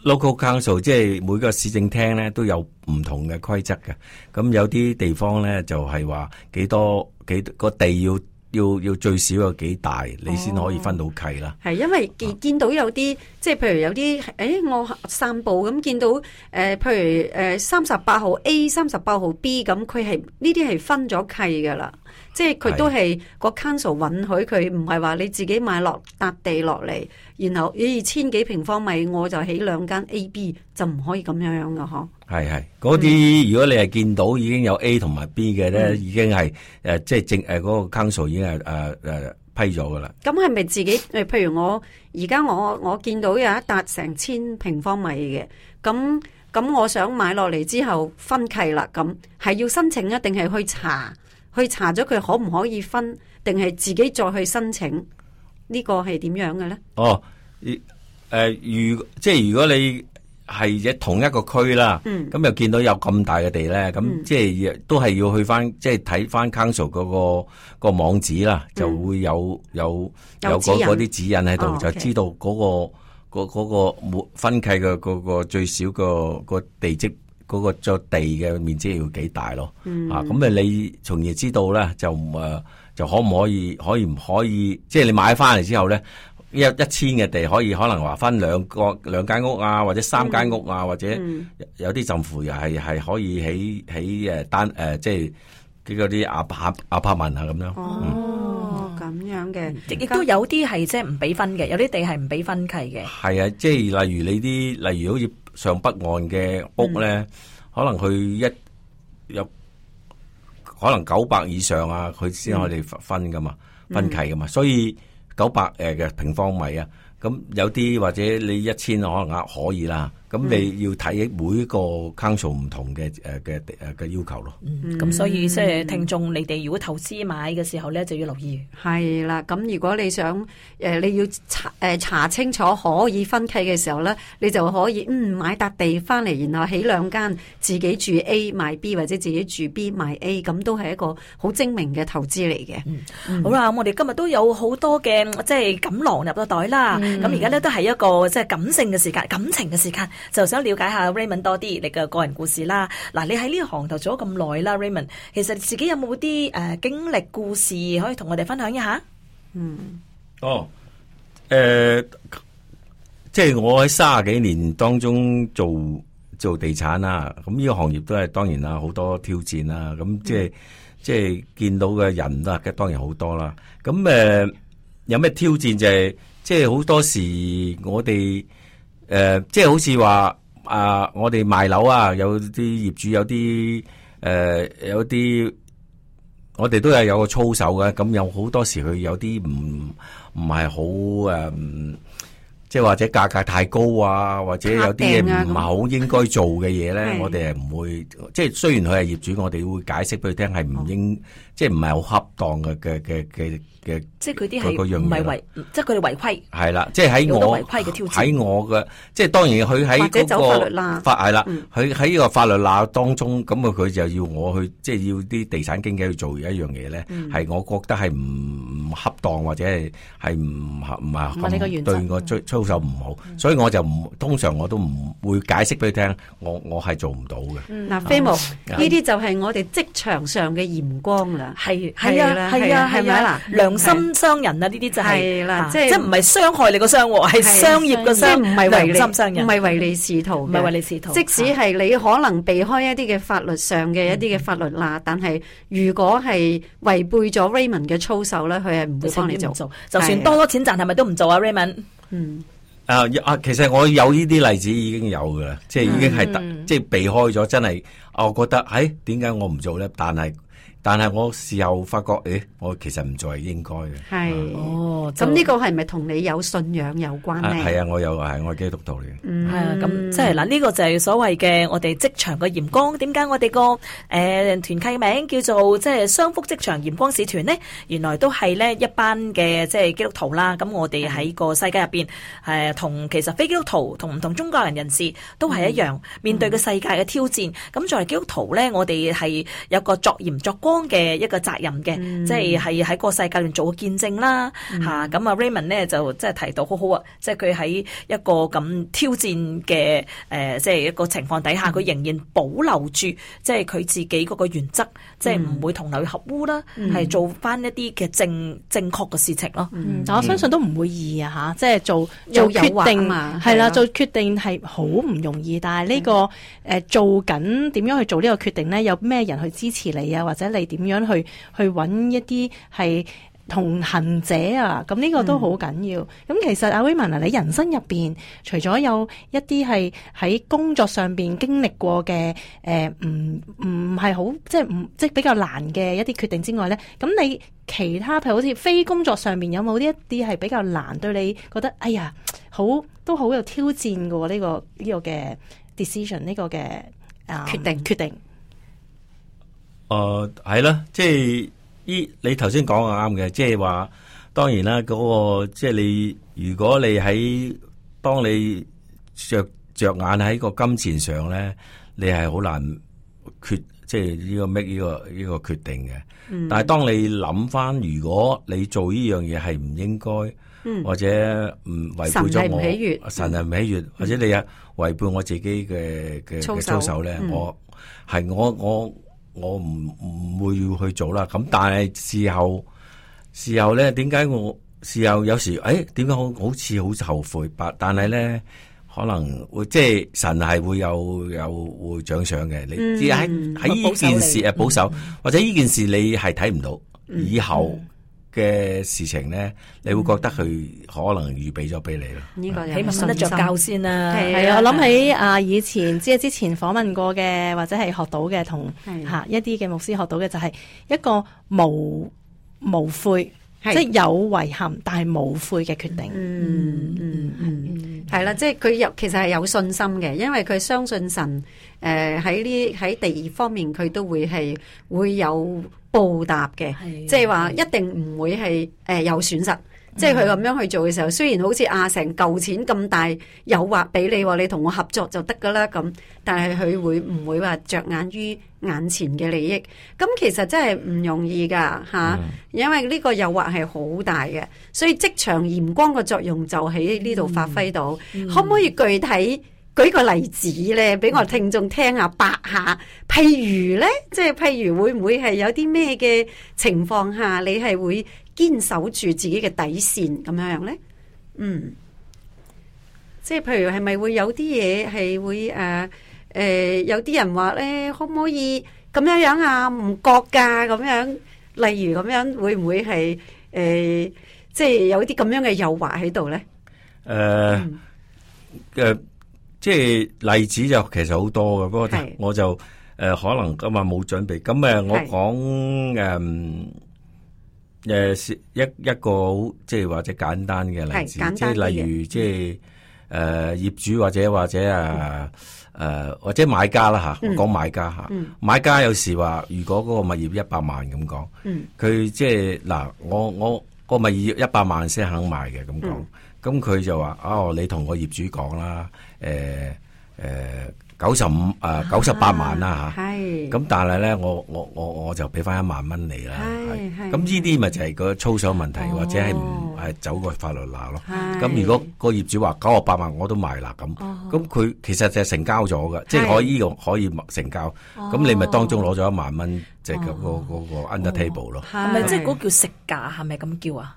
S4: Local Council 即係每個市政廳咧都有唔同嘅規則嘅，咁有啲地方咧就係話幾多幾個地要要要最少有幾大？哦、你先可以分到契啦。
S1: 係因為見到有啲即係譬如有啲，誒、欸、我散步咁見到、呃、譬如誒三十八號 A、三十八號 B 咁，佢係呢啲係分咗契噶啦。即係佢都係個 council 允許佢，唔係話你自己買落笪地落嚟，然後誒、欸、千幾平方米我就起兩間 A、B 就唔可以咁樣㗎。嗬
S4: 係係，嗰啲、嗯、如果你係見到已經有 A 同埋 B 嘅咧，已經係、嗯啊、即係正誒嗰個 council 已經係誒誒批咗㗎啦。
S1: 咁係咪自己？譬如我而家我我見到有一笪成千平方米嘅，咁咁我想買落嚟之後分契啦，咁係要申請一定係去查？去查咗佢可唔可以分，定係自己再去申請、這個、呢個係點樣嘅咧？
S4: 哦，呃、如即係如果你係喺同一個區啦，咁、嗯、又見到有咁大嘅地咧，咁即係都係要去翻，即係睇翻 Council 嗰、個、個網址啦，嗯、就會有有有嗰啲指引喺度，哦 okay。就知道嗰、個嗰、個分契嘅嗰、個最少個、個地積。嗰個著地嘅面積要幾大咯啊、嗯嗯？啊，咁你從而知道咧，就唔、呃、就可唔可以，可以唔可以，即、就、係、是、你買翻嚟之後咧，一一千嘅地可以可能話分兩個兩間屋啊，或者三間屋啊，嗯、或者有啲贈付又係係可以起起誒單即係嗰啲阿帕阿帕文啊咁樣。啊啊、哦，咁、嗯、樣
S3: 嘅，亦都有啲係即係唔俾分嘅，有啲地係唔俾分契嘅。
S4: 係啊，即係例如你啲，例如好似。上北岸嘅屋咧，可能佢一有可能九百以上啊，佢先可以分噶嘛，嗯、分期噶嘛，所以九百誒嘅平方米啊，咁有啲或者你一千可能啊可以啦。咁你要睇每個 council 唔同嘅嘅嘅要求咯。
S3: 咁、嗯嗯、所以即係聽眾，你哋如果投資買嘅時候咧，就要留意。係啦，咁如果你想、呃、你要查、呃、查
S1: 清楚可以分契嘅時候咧，你就可以嗯買笪地翻嚟，然後起兩間自己住 A 賣 B 或者自己住 B 賣 A，咁都係一個好精明嘅投
S3: 資嚟嘅。嗯嗯、好啦，我哋今日都有好多嘅即係錦囊入咗袋啦。咁而家咧都係一個即係感性嘅時間，感情嘅時間。就想了解下 Raymond 多啲你嘅個人故事啦。嗱，你喺呢行頭做咗咁耐啦，Raymond。其實自己有冇啲誒經歷故事可以同我哋分享一下？嗯，
S4: 哦，誒，即係我喺三十幾年當中做做地產啦，咁呢個行業都係當然啦，好多挑戰啦。咁即係即係見到嘅人都係當然好多啦。咁誒，有咩挑戰就係即係好多時我哋。誒、呃，即係好似話啊，我哋賣樓啊，有啲業主有啲誒，有啲、呃、我哋都係有個操守嘅，咁有好多時佢有啲唔唔係好誒，即係或者價格太高啊，或者有啲嘢唔係好應該做嘅嘢咧，我哋係唔會，即係雖然佢係業主，我哋會解釋俾佢聽係唔應。即係唔係好恰當嘅嘅嘅嘅嘅，
S3: 即係佢啲係個樣唔係違，即係佢哋違規。
S4: 係啦，即係喺我喺我嘅，即係當然佢喺嗰個法係啦，佢喺呢個法律罅當中，咁啊佢就要我去，即係要啲地產經紀去做一樣嘢咧，係我覺得係唔恰當或者係係唔合唔係對我最操守唔好，所以我就唔通常我都唔會解釋俾佢聽，我我係做唔到嘅。
S3: 嗱，飛牧呢啲
S1: 就係我哋職場上嘅鹽光啦。係係啊係啊係咪啊？良心
S3: 商人啊！呢啲就係即係唔係傷害你個商，係商業個商，唔係為利傷人，唔係唯利是圖，唔係唯利是圖。即
S1: 使係你可能避開一啲嘅法律上嘅一啲嘅法律啦，但係如果係違背
S3: 咗 Raymond 嘅操守咧，佢係唔會幫你做。做就算多多錢賺，係咪都唔做啊？Raymond，
S4: 嗯啊啊，其實我有呢啲例子已經有嘅，即係已經係即係避開咗。真係，我覺得，哎，點解我唔做咧？但係。但係我事後發覺，誒、哎，我其實唔做係應該嘅。
S3: 係是，啊、哦，咁呢就個係咪同你有信仰有關咧？係啊，
S4: 啊，我又係、啊、我基督徒嚟、嗯啊。嗯，
S3: 係啊、嗯，咁即係嗱，呢、這個就係所謂嘅我哋職場嘅鹽光。點解、嗯、我哋個誒團契名叫做即係商福職場鹽光使團咧？原來都係咧一班嘅即係基督徒啦。咁我哋喺個世界入邊，誒、嗯，同其實非基督徒同唔同中國人人士都係一樣、嗯、面對個世界嘅挑戰。咁、嗯、作為基督徒咧，我哋係有個作鹽作光。嘅一個責任嘅，即係係喺個世界裏做個見證啦，吓咁啊，Raymond 咧，就即係提到好好啊，即係佢喺一個咁挑戰嘅誒，即係一個情況底下，佢仍然保留住，即係佢自己嗰個原則，即係唔會同流合污啦，係做
S2: 翻一啲嘅正正確嘅事情咯。但我相信都唔會易啊，吓即係做做決定係啦，做決定係好唔容易，但係呢個誒做緊點樣去做呢個決定咧？有咩人去支持你啊？或者你？點樣去去搵一啲係同行者啊？咁呢個都好緊要。咁、嗯、其實阿威文啊，你人生入邊除咗有一啲係喺工作上邊經歷過嘅誒，唔唔係好即係唔即係比較難嘅一啲決定之外咧，咁你其他譬如好似非工作上邊有冇啲一啲係比較難對你覺得哎呀好都好有挑戰嘅呢、啊呢個呢、呢個嘅 decision 呢個嘅啊決定決定。決定
S4: 誒，係啦、呃，即係依你頭先講嘅啱嘅，即係話當然啦，嗰、嗰個即係你，如果你喺當你着著，著眼喺個金錢上咧，你係好難決即係呢、呢個 make 呢、呢個呢、呢個決定嘅。嗯、但係當你諗翻，如果你做呢樣嘢係唔應該，嗯、或者唔違背咗我神係唔喜悅，嗯、神係唔喜悅，或者你有違背我自己嘅嘅、嗯、操守咧、嗯，我係我我。我嗯我唔唔會要去做啦，咁但係事後事後咧，點解我事後有時誒，點、哎、解好好似好後悔吧？但係咧，可能會即係神係會有有會獎賞嘅，嗯、你知喺喺呢件事誒保，保守，嗯、或者呢件事你係睇唔到以後。嗯嗯嘅事情咧，你會覺得佢可能預備咗俾你咯。呢個
S1: 起碼瞓得著覺先啦。係啊是，我諗起
S2: 啊，以前即係之前訪問過嘅，或者係學到嘅同吓一啲嘅牧師學到嘅，就係一個無無悔，是即係有遺憾但係無悔嘅決定。嗯
S1: 嗯是嗯，係、嗯、啦、嗯嗯，即係佢有其實係有信心嘅，因為佢相信神。誒、呃，喺呢喺第二方面，佢都會係會有。報答嘅，的即係話一定唔會係誒、呃、有損失，的即係佢咁樣去做嘅時候，嗯、雖然好似啊成舊錢咁大誘惑俾你話你同我合作就得噶啦咁，但係佢會唔會話着眼於眼前嘅利益？咁、嗯、其實真係唔容易噶吓，啊嗯、因為呢個誘惑係好大嘅，所以職場鹽光嘅作用就喺呢度發揮到。嗯嗯、可唔可以具體？舉個例子咧，俾我聽眾聽下，八下。譬如咧，即係譬如會唔會係有啲咩嘅情況下，你係會堅守住自己嘅底線咁樣樣咧？嗯，即係譬如係咪會有啲嘢係會誒誒、啊呃，有啲人話咧，可唔可以咁樣樣啊？唔覺噶咁樣，例如咁樣，會唔會係誒、呃，即係有啲咁樣嘅誘惑喺度咧？
S4: 誒誒、呃。嗯呃即係例子就其實好多嘅，不過我就誒可能今日冇準備。咁誒我講誒誒一一個即係或者簡單嘅例子，即係例如即係誒業主或者或者誒誒或者買家啦吓，講買家吓，買家有時話如果嗰個物業一百萬咁講，佢即係嗱我我個物業一百萬先肯賣嘅咁講。咁佢就話哦，你同個業主講啦，誒誒九十五啊九十八萬啦吓，咁但係咧我我我我就俾翻一萬蚊你啦，咁呢啲咪就係個操守問題，或者係唔係走個法律罅咯。咁如果個業主話九十八萬我都賣啦，咁咁佢其實就係成交咗嘅，即係可以用可以成交。咁你咪當中攞咗一萬蚊，即係個嗰個 under table 咯。係咪即係嗰
S3: 叫食價？係咪咁叫啊？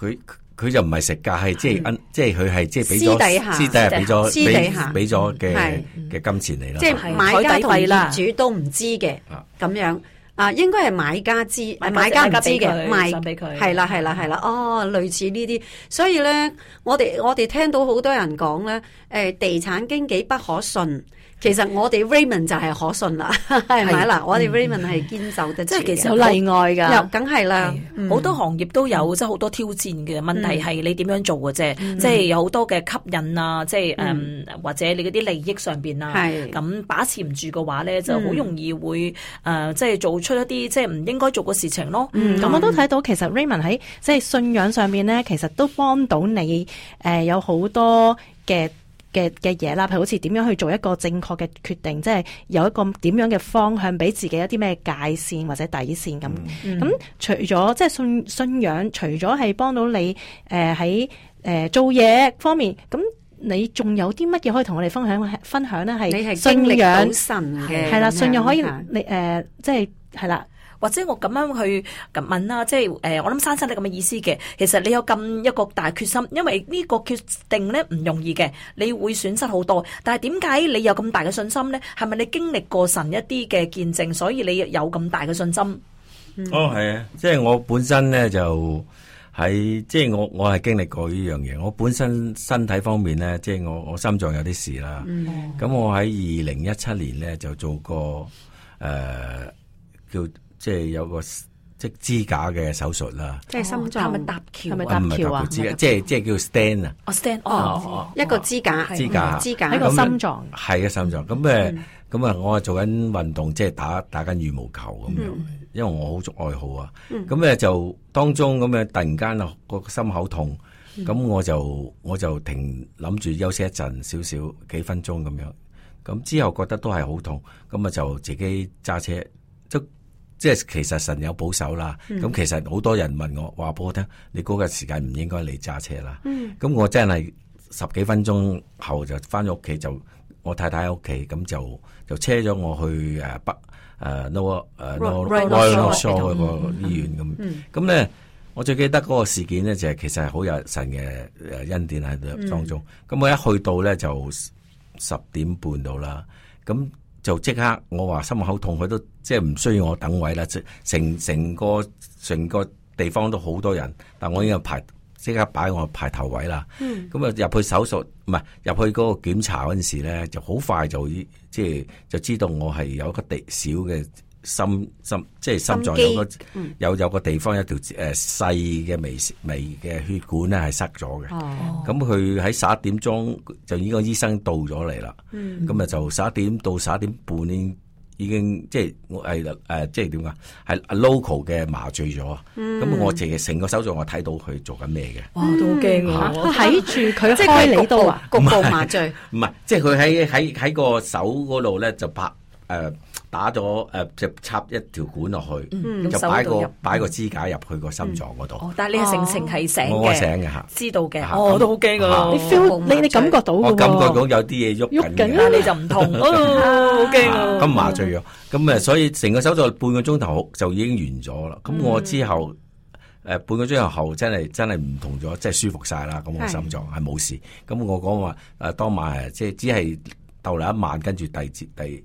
S4: 佢。佢就唔係食價，係即係即係佢係即係俾咗私底下，私底下俾咗俾俾咗嘅嘅金錢嚟咯。即係
S3: 買家同
S1: 業主都唔知嘅咁樣啊，應該係買家知，買家唔知嘅賣佢係啦係啦係啦，哦，類似呢啲，所以咧，我哋我哋聽到好多人講咧，誒，地產經紀不可信。其實我哋 Raymond 就係可
S3: 信啦，係咪？嗱，我哋 Raymond 係堅守嘅，即係其實有例外㗎，又梗係啦，好多行業都有，即係好多挑戰嘅問題係你點樣做嘅啫，即係有好多嘅吸引啊，即係誒或者你嗰啲利益上邊啊，咁把持唔住嘅話咧，就好容易會誒，即係做出一啲即係唔應該做嘅事情咯。咁我都
S2: 睇到其實 Raymond 喺即係信仰上面咧，其實都幫到你誒，有好多嘅。嘅嘅嘢啦，譬如好似點樣去做一個正確嘅決定，即係有一個點樣嘅方向，俾自己一啲咩界線或者底線咁。咁、嗯、除咗即係信信仰，除咗係幫到你，誒喺誒做嘢方面，咁你仲有啲乜嘢可以同我哋分享分享咧？係信仰你神嘅，係啦，信仰可以你、呃、即係係啦。或者我咁樣去問啦，即
S3: 係誒，我諗珊珊你咁嘅意思嘅。其實你有咁一個大決心，因為呢個決定咧唔容易嘅，你會損失好多。但係點解你有咁大嘅信心咧？係咪你經歷過神一啲嘅見證，所以你有咁大嘅信心？哦，
S4: 係啊，嗯，即係我本身咧就喺，即係我我係經歷過呢樣嘢。我本身身體方面咧，即係我我心臟有啲事啦。嗯，咁我喺二零一七年咧就做過誒，叫。即係有個即支架嘅手術啦，即
S3: 係心臟係咪搭橋？係咪搭橋啊？唔係搭橋，
S4: 即係即係叫 stand 啊！stand 哦，
S1: 一個支架，支架，支架一個心臟。
S4: 係啊，心臟。咁誒，咁啊，我做緊運動，即係打打緊羽毛球咁樣，因為我好鍾愛好啊。咁咧就當中咁樣突然間啊，個心口痛，咁我就我就停，諗住休息一陣少少，幾分鐘咁樣。咁之後覺得都係好痛，咁啊就自己揸車。即係其實神有保守啦，咁、嗯、其實好多人問我話，俾我聽，你嗰個時間唔應該嚟揸車啦。咁、嗯、我真係十幾分鐘後就翻咗屋企，就我太太喺屋企，咁就就車咗我去誒北誒、呃、no 誒 no no show 個醫院咁。咁咧、嗯，嗯、我最記得嗰個事件咧，就係其實係好有神嘅恩典喺當中。咁、嗯、我一去到咧就十點半到啦，咁。就即刻，我話心口痛，佢都即係唔需要我等位啦。成成成個成個地方都好多人，但我已經排即刻擺我排頭位啦。嗯。咁啊，入去手術唔係入去嗰個檢查嗰陣時咧，就好快就即係就知道我係有一啲小嘅。心心即係心臟，有個肌有個有，有個地方有條誒細嘅微微嘅血管咧係塞咗嘅。咁佢喺十一點鐘就已經個醫生到咗嚟啦。
S5: 咁啊、嗯、就
S4: 十一點到十一點半已經即係我係誒即係點講係 local 嘅麻醉咗。咁、嗯、我成成個手術我睇到佢做緊咩嘅，
S2: 都好驚啊！睇住佢喺你度啊，局部
S4: 麻醉。唔係，即係佢喺喺喺個手嗰度咧就拍誒。呃打咗誒，就插一條管落去，就擺個擺個支架入去個心臟嗰度。
S3: 但係你係成成提醒嘅，知道嘅。我都好驚啦！你 feel
S2: 你你感覺到。我感覺
S4: 到有啲嘢喐喐緊，
S2: 你就唔痛。好驚啊！
S4: 咁麻醉藥，咁啊，所以成個手術半個鐘頭就已經完咗啦。咁我之後誒半個鐘頭後真係真係唔同咗，即係舒服晒啦。咁我心臟係冇事。咁我講話誒當晚誒即係只係。逗留一晚，跟住第二、第誒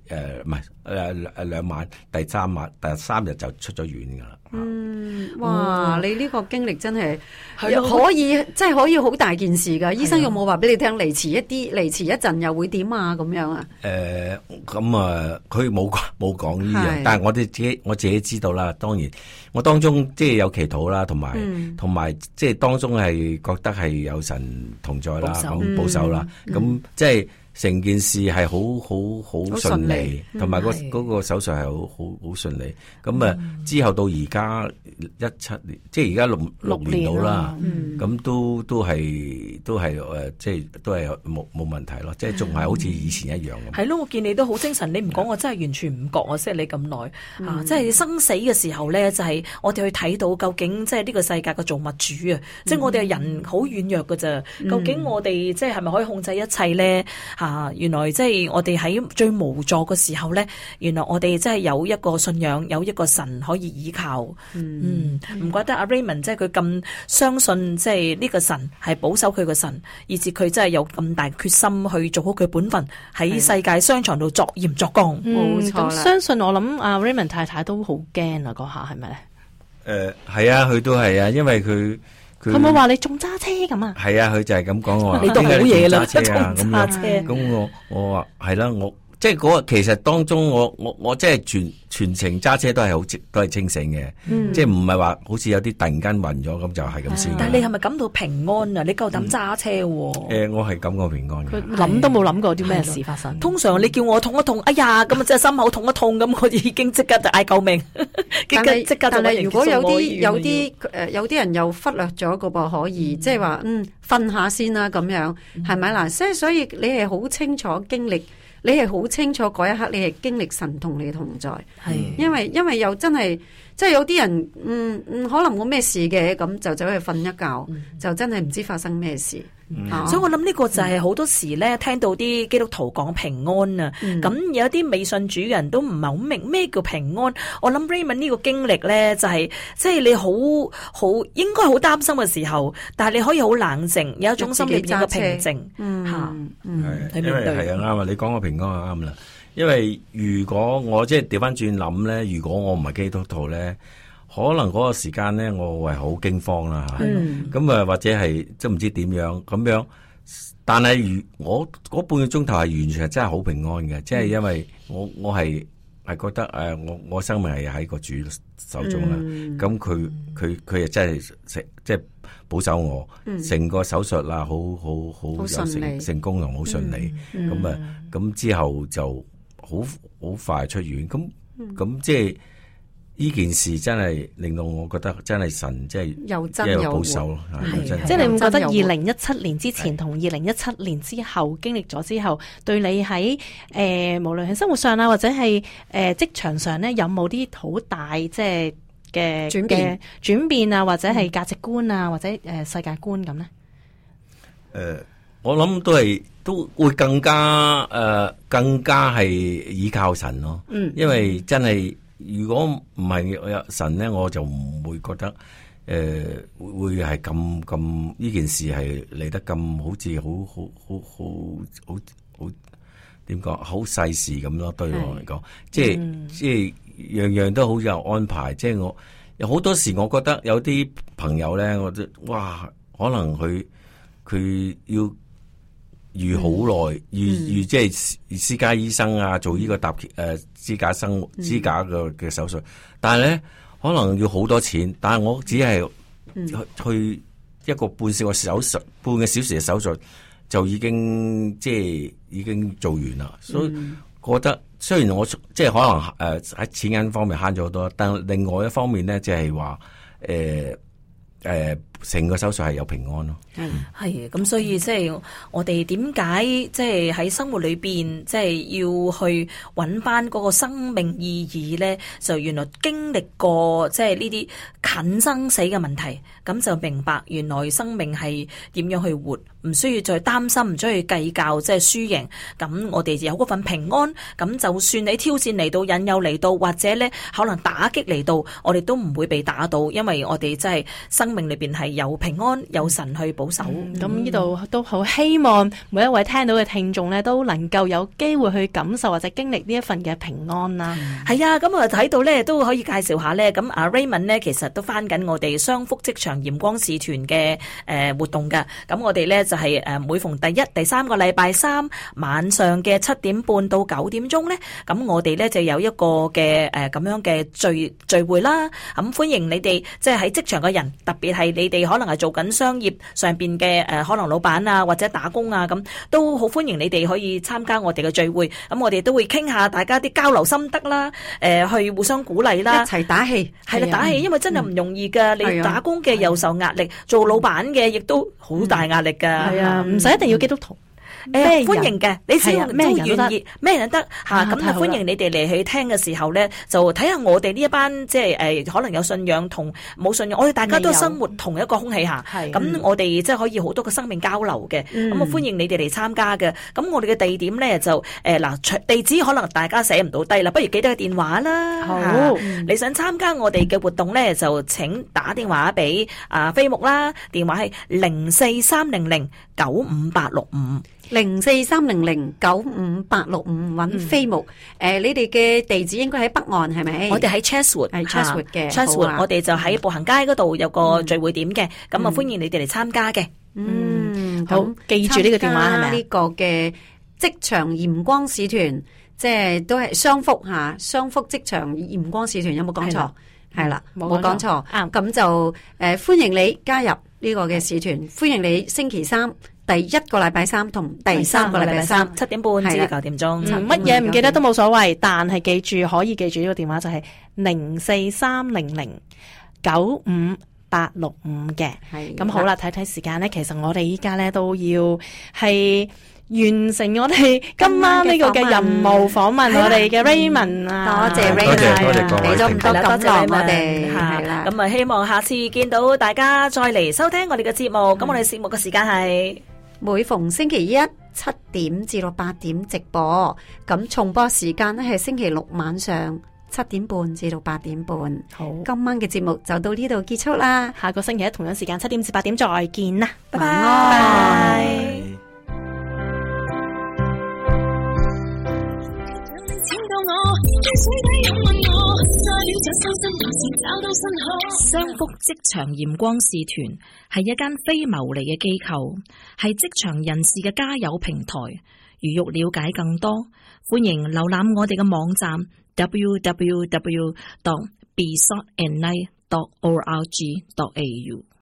S4: 唔係誒誒兩晚，第三晚第三日就出咗院噶啦。
S1: 嗯，哇！你呢個經歷真係可以，即係可以好大件事噶。醫生有冇話俾你聽？嚟遲一啲，嚟遲一陣又會點啊？咁樣啊？
S4: 誒，咁啊，佢冇講冇講呢樣，但係我哋自己我自己知道啦。當然，我當中即係有祈禱啦，同埋同埋即係當中係覺得係有神同在啦，保守啦，咁即係。成件事係好好好順利，同埋嗰個手術係好好好順利。咁啊，之後到而家一七年，即係而家六六年到啦。咁都都係都係誒即係都係冇冇問題咯。即係仲係好似以前一樣。
S3: 係咯，我見你都好精神。你唔講我真係完全唔覺我識你咁耐啊！即係生死嘅時候咧，就係我哋去睇到究竟，即係呢個世界個造物主啊！即係我哋人好軟弱㗎咋。究竟我哋即係係咪可以控制一切咧？啊！原來即係我哋喺最無助嘅時候咧，原來我哋即係有一個信仰，有一個神可以依靠。嗯，唔怪、嗯、得阿 Raymond 即係佢咁相信，即係呢個神係保守佢個神，以致佢真係有咁大決心去做好佢本分喺世界商場度作鹽作光。冇是
S2: 的、嗯、錯、嗯、相信我諗，阿 Raymond 太太都好驚啊！嗰下係咪？誒、呃，
S4: 係啊，佢都係啊，因為佢。佢冇話
S2: 你仲揸車咁啊？
S4: 係 啊，佢就係咁講我話、啊，你做冇嘢啦，揸車。咁我我話係啦，我。即係嗰個，其實當中我我我即係全全程揸車都係好清，都係清醒嘅，嗯、即係唔係話好似有啲突然間暈咗咁就係咁先。啊、但係你係
S3: 咪感到平安啊？你夠膽揸車？誒、嗯
S4: 呃，我係感到平安。
S3: 佢諗都冇諗過啲咩事發生。通常你叫我痛一痛，哎呀咁啊，即係心口痛一痛咁，我已經即刻就嗌救命。即是 刻。刻但係如果有啲有啲
S1: 誒，有啲人又忽略咗、個噃，可以即係話嗯瞓、嗯、下先啦、啊，咁樣係咪啦？即係、嗯、所以你係好清楚經歷。你係好清楚嗰一刻，你係經歷神同你嘅同在，是的 因為因為又真係。即係有啲人。嗯嗯，可能冇咩
S3: 事嘅，咁就走去瞓一覺，嗯、就真係唔知發生咩事。
S5: 嗯啊、所以我
S3: 諗呢個就係好多時咧，嗯、聽到啲基督徒講平安啊，咁、嗯、有啲未信主人都唔係好明咩叫平安。我諗 Raymond 呢個經歷咧，就係即係你好好應該好擔心嘅時候，但係你可以好冷靜，有一種心裏邊嘅平靜。
S5: 嗯，吓、啊，嗯，係去面對係啊啱
S4: 啊，你講個平安就啱啦。因為如果我即係調翻轉諗咧，如果我唔係基督徒咧，可能嗰個時間咧，我會好驚慌啦。咁啊，或者係即係唔知點樣咁樣。但係如我嗰半個鐘頭係完全係真係好平安嘅，即係因為我我係係覺得誒，我我生命係喺個主手中啦。咁佢佢佢又真係食即係保守我成個手術啦，好好好有成成功同好順利。咁啊，咁之後就，好好快出院，咁咁即係呢件事真係令到我覺得真係神，即係因為保守咯。即係是你會覺得二零
S2: 一七年之前同二零一七年之後是經歷咗之後，對你喺誒、呃、無論喺生活上啦，或者係誒職場上咧，有冇啲好大即係嘅嘅轉變啊，或者係價值觀啊，嗯、或者誒、呃、世界觀咁咧？誒、
S4: 呃，我諗都係。都會更加誒、呃，更加係依靠神咯。嗯，因為真係如果唔係神咧，我就唔會覺得誒、呃、會係咁咁呢件事係嚟得咁好似好好好好好好點講好細事咁咯。對我嚟講、嗯，即係即係樣樣都好有安排。即係我好多時我覺得有啲朋友咧，我覺得有啲朋友咧，我都哇，可能佢佢要。預好耐，預預即係私家醫生啊，嗯、做呢個搭誒支架生活支架嘅嘅手術，嗯、但係咧可能要好多錢，但係我只係去一個半小時手術，嗯、半個小時嘅手術就已經即係、就是、已經做完啦。嗯、所以覺得雖然我即係、就是、可能誒喺錢銀方面慳咗好多，但另外一方面咧即係話誒誒。呃嗯呃成個手術係有平安咯，嗯，
S3: 係係咁，所以即係我哋點解即係喺生活裏邊，即係要去揾翻嗰個生命意義咧？就原來經歷過即係呢啲近生死嘅問題，咁就明白原來生命係點樣去活，唔需要再擔心，唔需要計較即係輸贏。咁，就是、我哋有嗰份平安，咁就算你挑戰嚟到，引誘嚟到，或者咧可能打擊嚟到，我哋都唔會被打到，因為我哋即係生命裏邊係。有平安有神去保守、嗯，咁呢度
S2: 都好希望每一位聽到嘅聽眾咧，都能夠有機會去感受或者經歷呢一份嘅平安啦。係、嗯、啊，咁啊睇到咧都可以介紹下咧，咁阿 Raymond 咧其實都翻緊我哋
S3: 商福職場鹽光使團嘅誒活動，嘅。咁我哋咧就係、是、誒每逢第一第三個禮拜三晚上嘅七點半到九點鐘咧，咁我哋咧就有一個嘅誒咁樣嘅聚聚會啦。咁歡迎你哋，即係喺職場嘅人，特別係你哋。你可能係做緊商業上邊嘅，誒，可能老闆啊，或者打工啊，咁，都好歡迎你哋可以參加我哋嘅聚會。咁、嗯、我哋都會傾下大家啲交流心得啦，誒、呃，去互相鼓勵啦，一齊打氣係啦，啊啊、打氣，因為真係唔容易噶啊、你打工嘅又受壓力，啊、做老闆嘅亦都好大壓力噶係啊，唔使、啊嗯、一定要基督徒。
S2: 誒、啊，歡迎嘅，你只咩、啊、都願
S3: 意，咩人得吓，咁就歡迎你哋嚟去聽嘅時候咧，就睇下我哋呢一班即係誒，可能有信仰同冇信仰，我哋大家都生活同一個空氣下，咁有、嗯、我哋即係可以好多個生命交流嘅，咁啊,、嗯、啊歡迎你哋嚟參加嘅，咁、嗯、我哋嘅地點咧就誒嗱、啊，地址可能大家寫唔到低啦，不如記得個電話啦。好、啊，你想參加我哋嘅活動咧，就請打電話俾啊飛牧啦，電話係零四三零零九五八六五。零四三零零九五八六五，揾飛牧。誒，你哋嘅地址應該喺北岸係咪？我哋喺 Chesswood，係 Chesswood 嘅。Chesswood，我哋就喺步行街嗰度有個聚會點嘅，咁啊歡迎你哋嚟參加嘅。嗯，好，記住呢個電話
S5: 係咪？呢
S1: 個嘅職場鹽光使團，即係都係商福吓，商福職場鹽光使團有冇講錯？係啦，冇講錯。啊，咁就誒歡迎你加入呢個嘅使團，歡迎你星期三。第一個禮拜三
S2: 同第三個禮拜三七點半至到九點鐘，乜嘢唔記得都冇所謂，但係記住可以記住呢個電話就係零四三零零九五八六五嘅。係咁好啦，睇睇時間呢，其實我哋依家呢都要係完成我哋今晚呢個嘅任務，訪問我哋嘅 Raymond 啊，多謝 Raymond，多謝多謝各位聽眾，多謝我哋係啦。咁啊，希望下次見
S3: 到大家再嚟收聽我哋嘅節目。咁我哋節目嘅時間係。每逢星期
S1: 一七點至到八點直播，咁重播時間呢係星期六晚上七點半至到八點半。好，今晚嘅節目就到呢度結束啦。
S2: 下個星期一同樣時間七點至八點再見啦，拜拜。
S3: 商 福職場鹽光使團係一間非牟利嘅機構，係職場人士嘅加油平台。如欲了解更多，歡迎瀏覽我哋嘅網站：www.bsni.org.au o
S5: t。